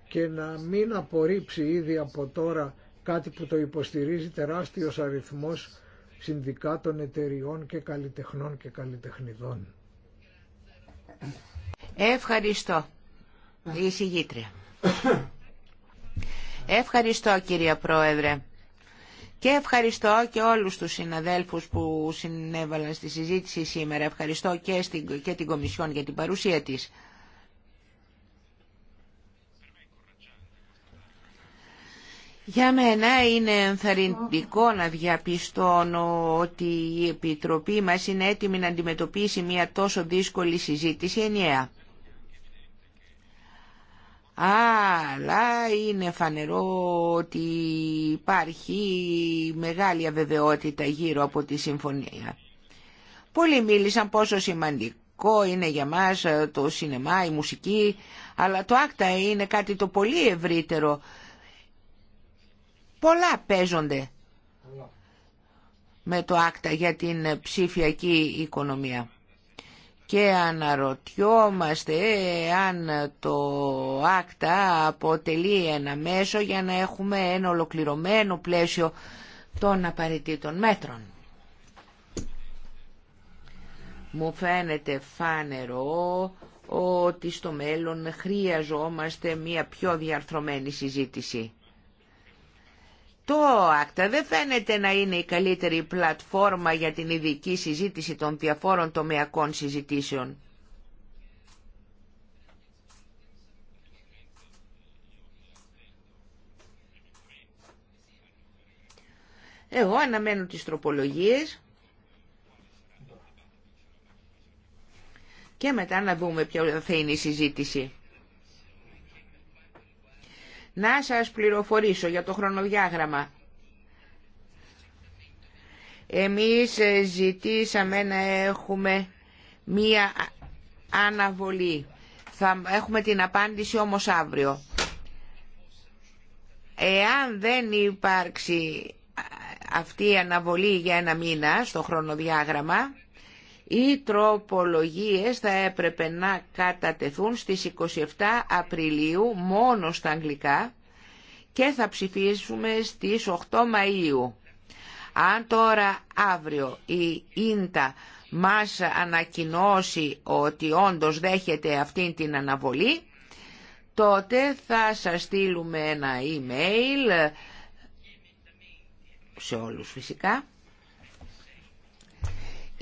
και να μην απορρίψει ήδη από τώρα κάτι που το υποστηρίζει τεράστιος αριθμός συνδικάτων, εταιριών και καλλιτεχνών και καλλιτεχνιδών. Ευχαριστώ. Η συγγήτρια. Ευχαριστώ κυρία Πρόεδρε. Και ευχαριστώ και όλους τους συναδέλφους που συνέβαλαν στη συζήτηση σήμερα. Ευχαριστώ και, στην, και την Κομισιόν για την παρουσία της. Για μένα είναι ενθαρρυντικό να διαπιστώνω ότι η Επιτροπή μας είναι έτοιμη να αντιμετωπίσει μια τόσο δύσκολη συζήτηση ενιαία. Αλλά είναι φανερό ότι υπάρχει μεγάλη αβεβαιότητα γύρω από τη συμφωνία. Πολλοί μίλησαν πόσο σημαντικό είναι για μας το σινεμά, η μουσική, αλλά το άκτα είναι κάτι το πολύ ευρύτερο Πολλά παίζονται με το άκτα για την ψηφιακή οικονομία. Και αναρωτιόμαστε αν το άκτα αποτελεί ένα μέσο για να έχουμε ένα ολοκληρωμένο πλαίσιο των απαραίτητων μέτρων. Μου φαίνεται φάνερο ότι στο μέλλον χρειαζόμαστε μια πιο διαρθρωμένη συζήτηση. Το άκτα δεν φαίνεται να είναι η καλύτερη πλατφόρμα για την ειδική συζήτηση των διαφόρων τομεακών συζητήσεων. Εγώ αναμένω τις τροπολογίες και μετά να δούμε ποια θα είναι η συζήτηση. Να σας πληροφορήσω για το χρονοδιάγραμμα. Εμείς ε, ζητήσαμε να έχουμε μία αναβολή. Θα έχουμε την απάντηση όμως αύριο. Εάν δεν υπάρξει αυτή η αναβολή για ένα μήνα στο χρονοδιάγραμμα, οι τροπολογίες θα έπρεπε να κατατεθούν στις 27 Απριλίου μόνο στα αγγλικά και θα ψηφίσουμε στις 8 Μαΐου. Αν τώρα αύριο η Ίντα μας ανακοινώσει ότι όντως δέχεται αυτήν την αναβολή, τότε θα σας στείλουμε ένα email, σε όλους φυσικά,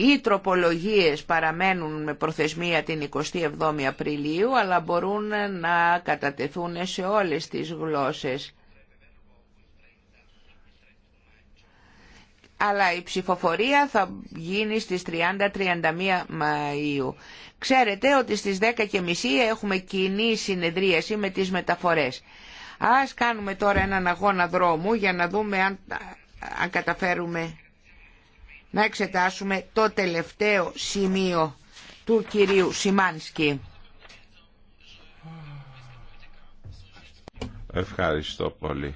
οι τροπολογίες παραμένουν με προθεσμία την 27η Απριλίου, αλλά μπορούν να κατατεθούν σε όλες τις γλώσσες. Αλλά η ψηφοφορία θα γίνει στις 30-31 Μαΐου. Ξέρετε ότι στις 10.30 έχουμε κοινή συνεδρίαση με τις μεταφορές. Ας κάνουμε τώρα έναν αγώνα δρόμου για να δούμε αν καταφέρουμε να εξετάσουμε το τελευταίο σημείο του κυρίου Σιμάνσκι. Ευχαριστώ πολύ.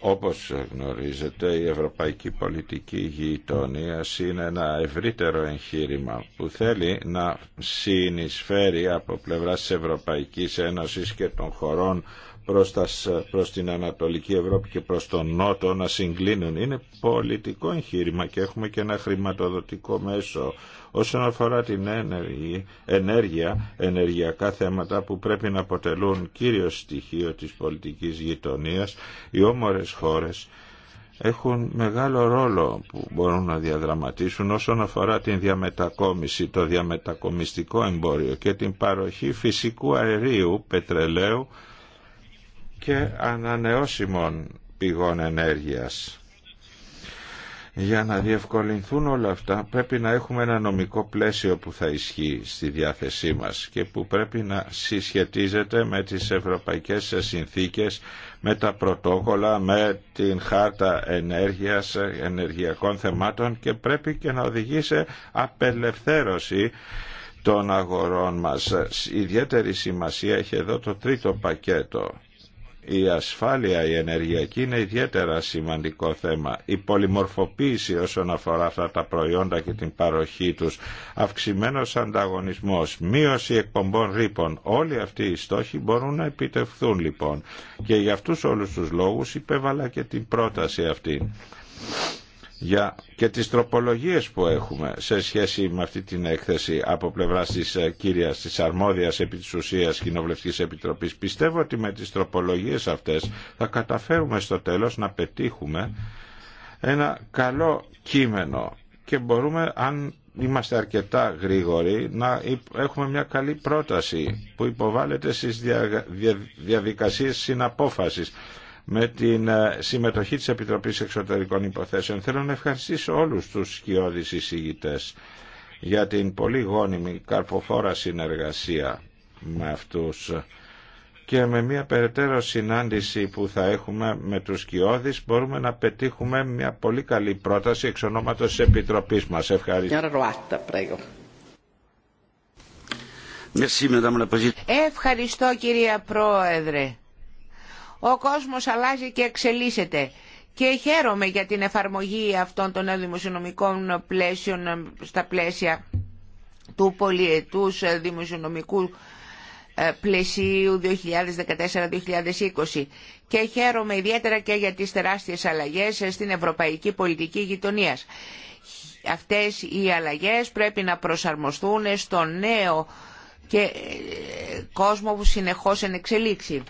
Όπως γνωρίζετε η ευρωπαϊκή πολιτική γειτονία είναι ένα ευρύτερο εγχείρημα που θέλει να συνεισφέρει από πλευράς της Ευρωπαϊκής Ένωσης και των χωρών προς, προς την Ανατολική Ευρώπη και προς τον Νότο να συγκλίνουν. Είναι πολιτικό εγχείρημα και έχουμε και ένα χρηματοδοτικό μέσο Όσον αφορά την ενέργεια, ενεργειακά θέματα που πρέπει να αποτελούν κύριο στοιχείο της πολιτικής γειτονίας, οι όμορες χώρες έχουν μεγάλο ρόλο που μπορούν να διαδραματίσουν όσον αφορά την διαμετακόμιση, το διαμετακομιστικό εμπόριο και την παροχή φυσικού αερίου, πετρελαίου και ανανεώσιμων πηγών ενέργειας. Για να διευκολυνθούν όλα αυτά πρέπει να έχουμε ένα νομικό πλαίσιο που θα ισχύει στη διάθεσή μας και που πρέπει να συσχετίζεται με τις ευρωπαϊκές συνθήκες, με τα πρωτόκολλα, με την χάρτα ενέργειας, ενεργειακών θεμάτων και πρέπει και να οδηγεί σε απελευθέρωση των αγορών μας. Ιδιαίτερη σημασία έχει εδώ το τρίτο πακέτο η ασφάλεια η ενεργειακή είναι ιδιαίτερα σημαντικό θέμα. Η πολυμορφοποίηση όσον αφορά αυτά τα προϊόντα και την παροχή τους, αυξημένος ανταγωνισμός, μείωση εκπομπών ρήπων, όλοι αυτοί οι στόχοι μπορούν να επιτευχθούν λοιπόν. Και για αυτούς όλους τους λόγους υπέβαλα και την πρόταση αυτή για και τις τροπολογίες που έχουμε σε σχέση με αυτή την έκθεση από πλευράς της ε, κύριας της αρμόδιας επί της ουσίας Κοινοβουλευτικής Επιτροπής. Πιστεύω ότι με τις τροπολογίες αυτές θα καταφέρουμε στο τέλος να πετύχουμε ένα καλό κείμενο και μπορούμε αν είμαστε αρκετά γρήγοροι να έχουμε μια καλή πρόταση που υποβάλλεται στις διαδικασίες συναπόφασης με την ε, συμμετοχή της Επιτροπής Εξωτερικών Υποθέσεων. Θέλω να ευχαριστήσω όλους τους σκιώδεις εισηγητές για την πολύ γόνιμη καρποφόρα συνεργασία με αυτούς και με μια περαιτέρω συνάντηση που θα έχουμε με τους σκιώδης μπορούμε να πετύχουμε μια πολύ καλή πρόταση εξ ονόματος της Επιτροπής μας. Ευχαριστώ. Ευχαριστώ κυρία Πρόεδρε. Ο κόσμος αλλάζει και εξελίσσεται και χαίρομαι για την εφαρμογή αυτών των δημοσιονομικών πλαίσιων ε, στα πλαίσια του πολιετούς ε, δημοσιονομικού ε, πλαισίου 2014-2020 και χαίρομαι ιδιαίτερα και για τις τεράστιες αλλαγές στην ευρωπαϊκή πολιτική γειτονίας. Αυτές οι αλλαγές πρέπει να προσαρμοστούν στο νέο κόσμο που συνεχώς ενεξελίξει.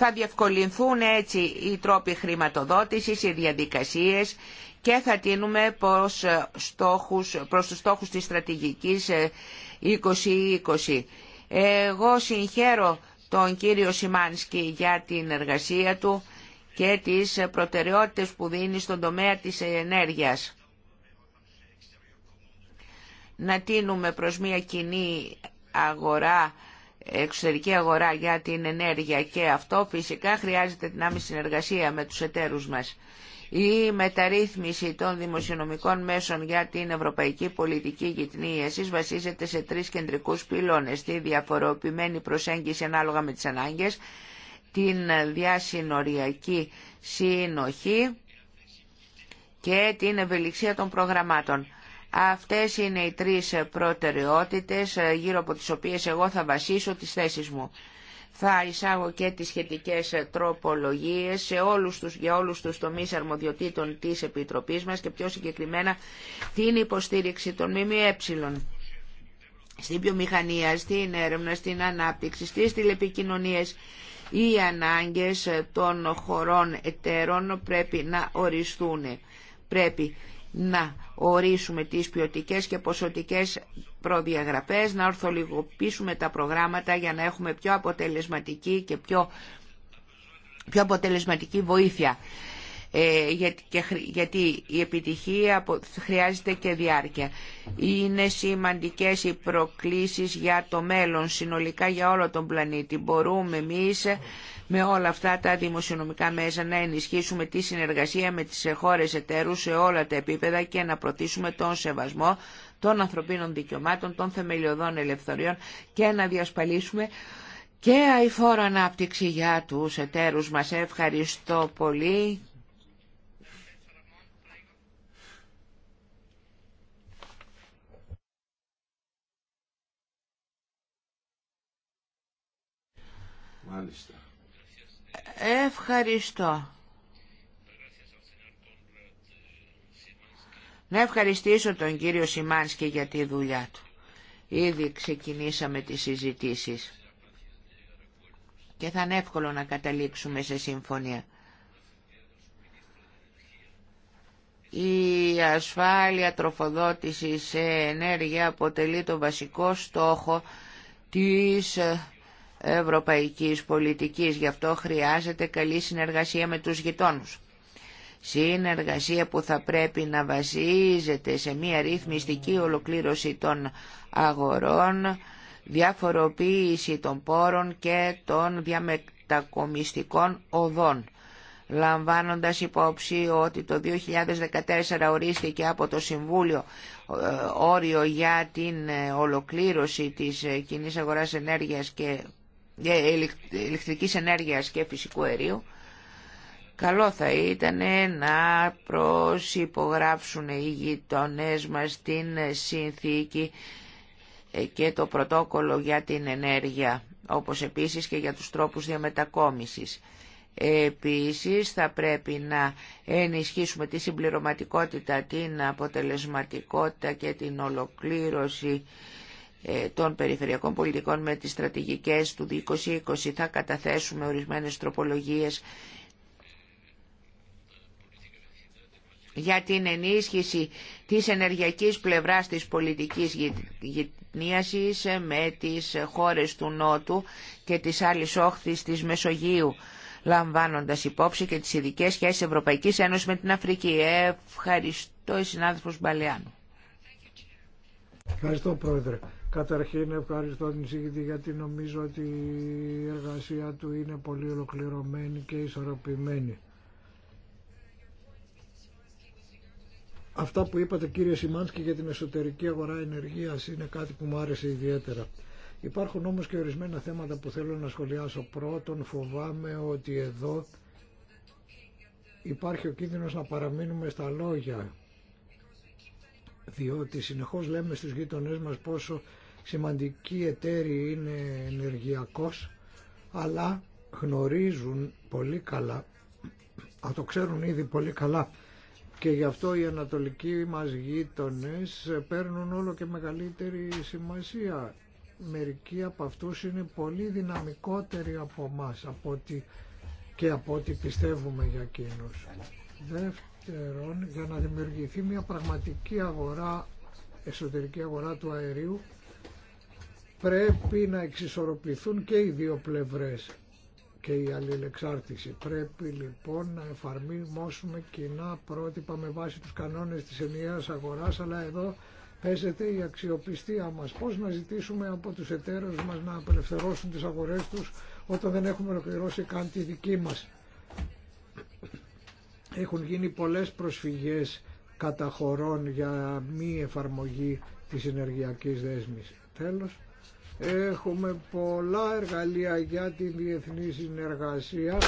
Θα διευκολυνθούν έτσι οι τρόποι χρηματοδότησης, οι διαδικασίες και θα τίνουμε προς, ε, στόχους, προς τους στόχους της στρατηγικής 2020. Ε, Εγώ συγχαίρω τον κύριο Σιμάνσκι για την εργασία του και τις προτεραιότητες που δίνει στον τομέα της ενέργειας. Να τίνουμε προς μια κοινή αγορά εξωτερική αγορά για την ενέργεια και αυτό φυσικά χρειάζεται την άμεση συνεργασία με τους εταίρους μας. Η μεταρρύθμιση των δημοσιονομικών μέσων για την ευρωπαϊκή πολιτική γυτνίαση βασίζεται σε τρεις κεντρικούς πυλώνες, τη διαφοροποιημένη προσέγγιση ανάλογα με τις ανάγκες, την διασυνοριακή συνοχή και την ευελιξία των προγραμμάτων. Αυτές είναι οι τρεις προτεραιότητες ε, γύρω από τις οποίες εγώ θα βασίσω τις θέσεις μου. Θα εισάγω και τις σχετικές ε, τροπολογίες σε όλους τους, για όλους τους τομείς αρμοδιοτήτων της Επιτροπής μας και πιο συγκεκριμένα την υποστήριξη των ΜΜΕ στην βιομηχανία, στην έρευνα, στην ανάπτυξη, στις τηλεπικοινωνίες. Οι ανάγκες ε, των χωρών εταίρων πρέπει να οριστούν. Πρέπει να ορίσουμε τις ποιοτικές και ποσοτικές προδιαγραφές, να ορθολιγοποιήσουμε τα προγράμματα για να έχουμε πιο αποτελεσματική και πιο, πιο αποτελεσματική βοήθεια. Ε, γιατί η επιτυχία χρειάζεται και διάρκεια. Είναι σημαντικές οι προκλήσεις για το μέλλον, συνολικά για όλο τον πλανήτη. Μπορούμε εμείς με όλα αυτά τα δημοσιονομικά μέσα να ενισχύσουμε τη συνεργασία με τις χώρες εταίρους σε όλα τα επίπεδα και να προτίσουμε τον σεβασμό των ανθρωπίνων δικαιωμάτων, των θεμελιωδών ελευθεριών και να διασπαλίσουμε και αηφόρο ανάπτυξη για τους εταίρους μας. Ευχαριστώ πολύ Ευχαριστώ. Να ευχαριστήσω τον κύριο Σιμάνσκι για τη δουλειά του. Ήδη ξεκινήσαμε τις συζητήσεις και θα είναι εύκολο να καταλήξουμε σε συμφωνία. Η ασφάλεια τροφοδότησης σε ενέργεια αποτελεί το βασικό στόχο της ευρωπαϊκής πολιτικής. Γι' αυτό χρειάζεται καλή συνεργασία με τους γειτόνους. Συνεργασία που θα πρέπει να βασίζεται σε μια ρυθμιστική ολοκλήρωση των αγορών, διαφοροποίηση των πόρων και των διαμετακομιστικών οδών. Λαμβάνοντας υπόψη ότι το 2014 ορίστηκε από το Συμβούλιο ε, όριο για την ε, ολοκλήρωση της ε, κοινής αγοράς ενέργειας και ηλεκτρικής ενέργειας και φυσικού αερίου, καλό θα ήταν να προσυπογράψουν οι γειτονέ μας την συνθήκη ε, και το πρωτόκολλο για την ενέργεια, όπως επίσης και για τους τρόπους διαμετακόμισης. Επίσης θα πρέπει να ενισχύσουμε τη συμπληρωματικότητα, την αποτελεσματικότητα και την ολοκλήρωση ε, των περιφερειακών πολιτικών με τις στρατηγικές του 2020 θα καταθέσουμε ορισμένες τροπολογίες για την ενίσχυση της ενεργειακής πλευράς της πολιτικής γυτνίασης με τις χώρες του Νότου και τις άλλες όχθης της Μεσογείου λαμβάνοντας υπόψη και τις ειδικές σχέσεις Ευρωπαϊκής Ένωσης με την Αφρική. Ευχαριστώ η συνάδελφος Μπαλεάνου. Ευχαριστώ Πρόεδρε. Καταρχήν ευχαριστώ την εισηγητή γιατί νομίζω ότι η εργασία του είναι πολύ ολοκληρωμένη και ισορροπημένη. Αυτά που είπατε κύριε Σιμάνσκι για την εσωτερική αγορά ενεργείας είναι κάτι που μου άρεσε ιδιαίτερα. Υπάρχουν όμως και ορισμένα θέματα που θέλω να σχολιάσω. Πρώτον φοβάμαι ότι εδώ υπάρχει ο κίνδυνος να παραμείνουμε στα λόγια διότι συνεχώς λέμε στους γείτονές μας πόσο σημαντικοί εταίροι είναι ενεργειακός αλλά γνωρίζουν πολύ καλά, α, το ξέρουν ήδη πολύ καλά και γι' αυτό οι ανατολικοί μας γείτονες παίρνουν όλο και μεγαλύτερη σημασία. Μερικοί από αυτούς είναι πολύ δυναμικότεροι από μας από και από ό,τι πιστεύουμε για εκείνους. Δεύτερον, για να δημιουργηθεί μια πραγματική αγορά, εσωτερική αγορά του αερίου, πρέπει να εξισορροπηθούν και οι δύο πλευρές και η αλληλεξάρτηση. Πρέπει λοιπόν να εφαρμόσουμε κοινά πρότυπα με βάση τους κανόνες της ενιαίας αγοράς, αλλά εδώ παίζεται η αξιοπιστία μας. Πώς να ζητήσουμε από τους εταίρους μας να απελευθερώσουν τις αγορές τους όταν δεν έχουμε ολοκληρώσει καν τη δική μας. Έχουν γίνει πολλές προσφυγές καταχωρών για μη εφαρμογή της ενεργειακής δέσμης. Τέλος, Έχουμε πολλά εργαλεία για τη διεθνή συνεργασία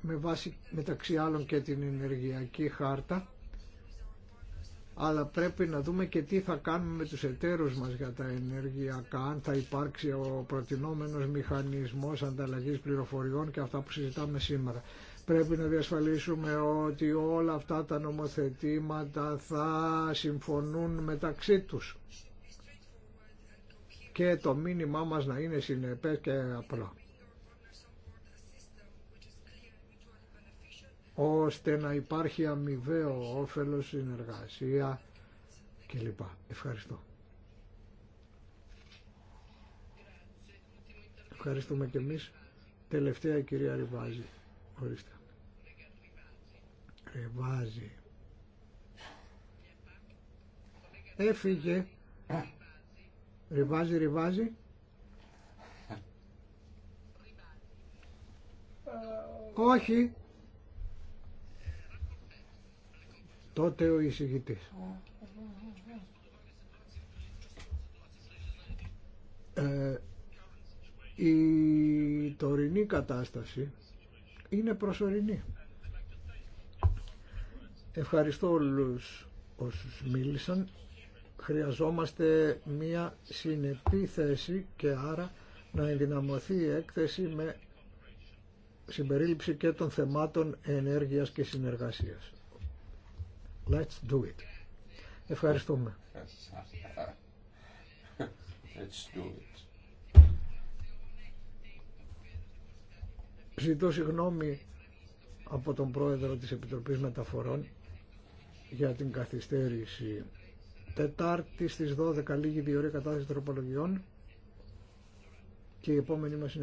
με βάση μεταξύ άλλων και την ενεργειακή χάρτα αλλά πρέπει να δούμε και τι θα κάνουμε με τους εταίρους μας για τα ενεργειακά, αν θα υπάρξει ο προτινόμενος μηχανισμός ανταλλαγής πληροφοριών και αυτά που συζητάμε σήμερα. Πρέπει να διασφαλίσουμε ότι όλα αυτά τα νομοθετήματα θα συμφωνούν μεταξύ τους και το μήνυμά μας να είναι συνεπές και απλό. ώστε να υπάρχει αμοιβαίο όφελος, συνεργασία κλπ. Ευχαριστώ. Ευχαριστούμε και εμείς. Τελευταία η κυρία Ριβάζη. Ορίστε. Ριβάζη. Έφυγε Ριβάζει, ριβάζει. Όχι. Τότε ο εισηγητής. Ε, η τωρινή κατάσταση είναι προσωρινή. Ευχαριστώ όλους όσους μίλησαν χρειαζόμαστε μία συνεπή θέση και άρα να ενδυναμωθεί η έκθεση με συμπερίληψη και των θεμάτων ενέργειας και συνεργασίας. Let's do it. Ευχαριστούμε. Let's do it. Ζητώ συγγνώμη από τον πρόεδρο της Επιτροπής Μεταφορών για την καθυστέρηση Τετάρτη στις 12 λίγη διορία κατάθεση τροπολογιών και η επόμενη μας είναι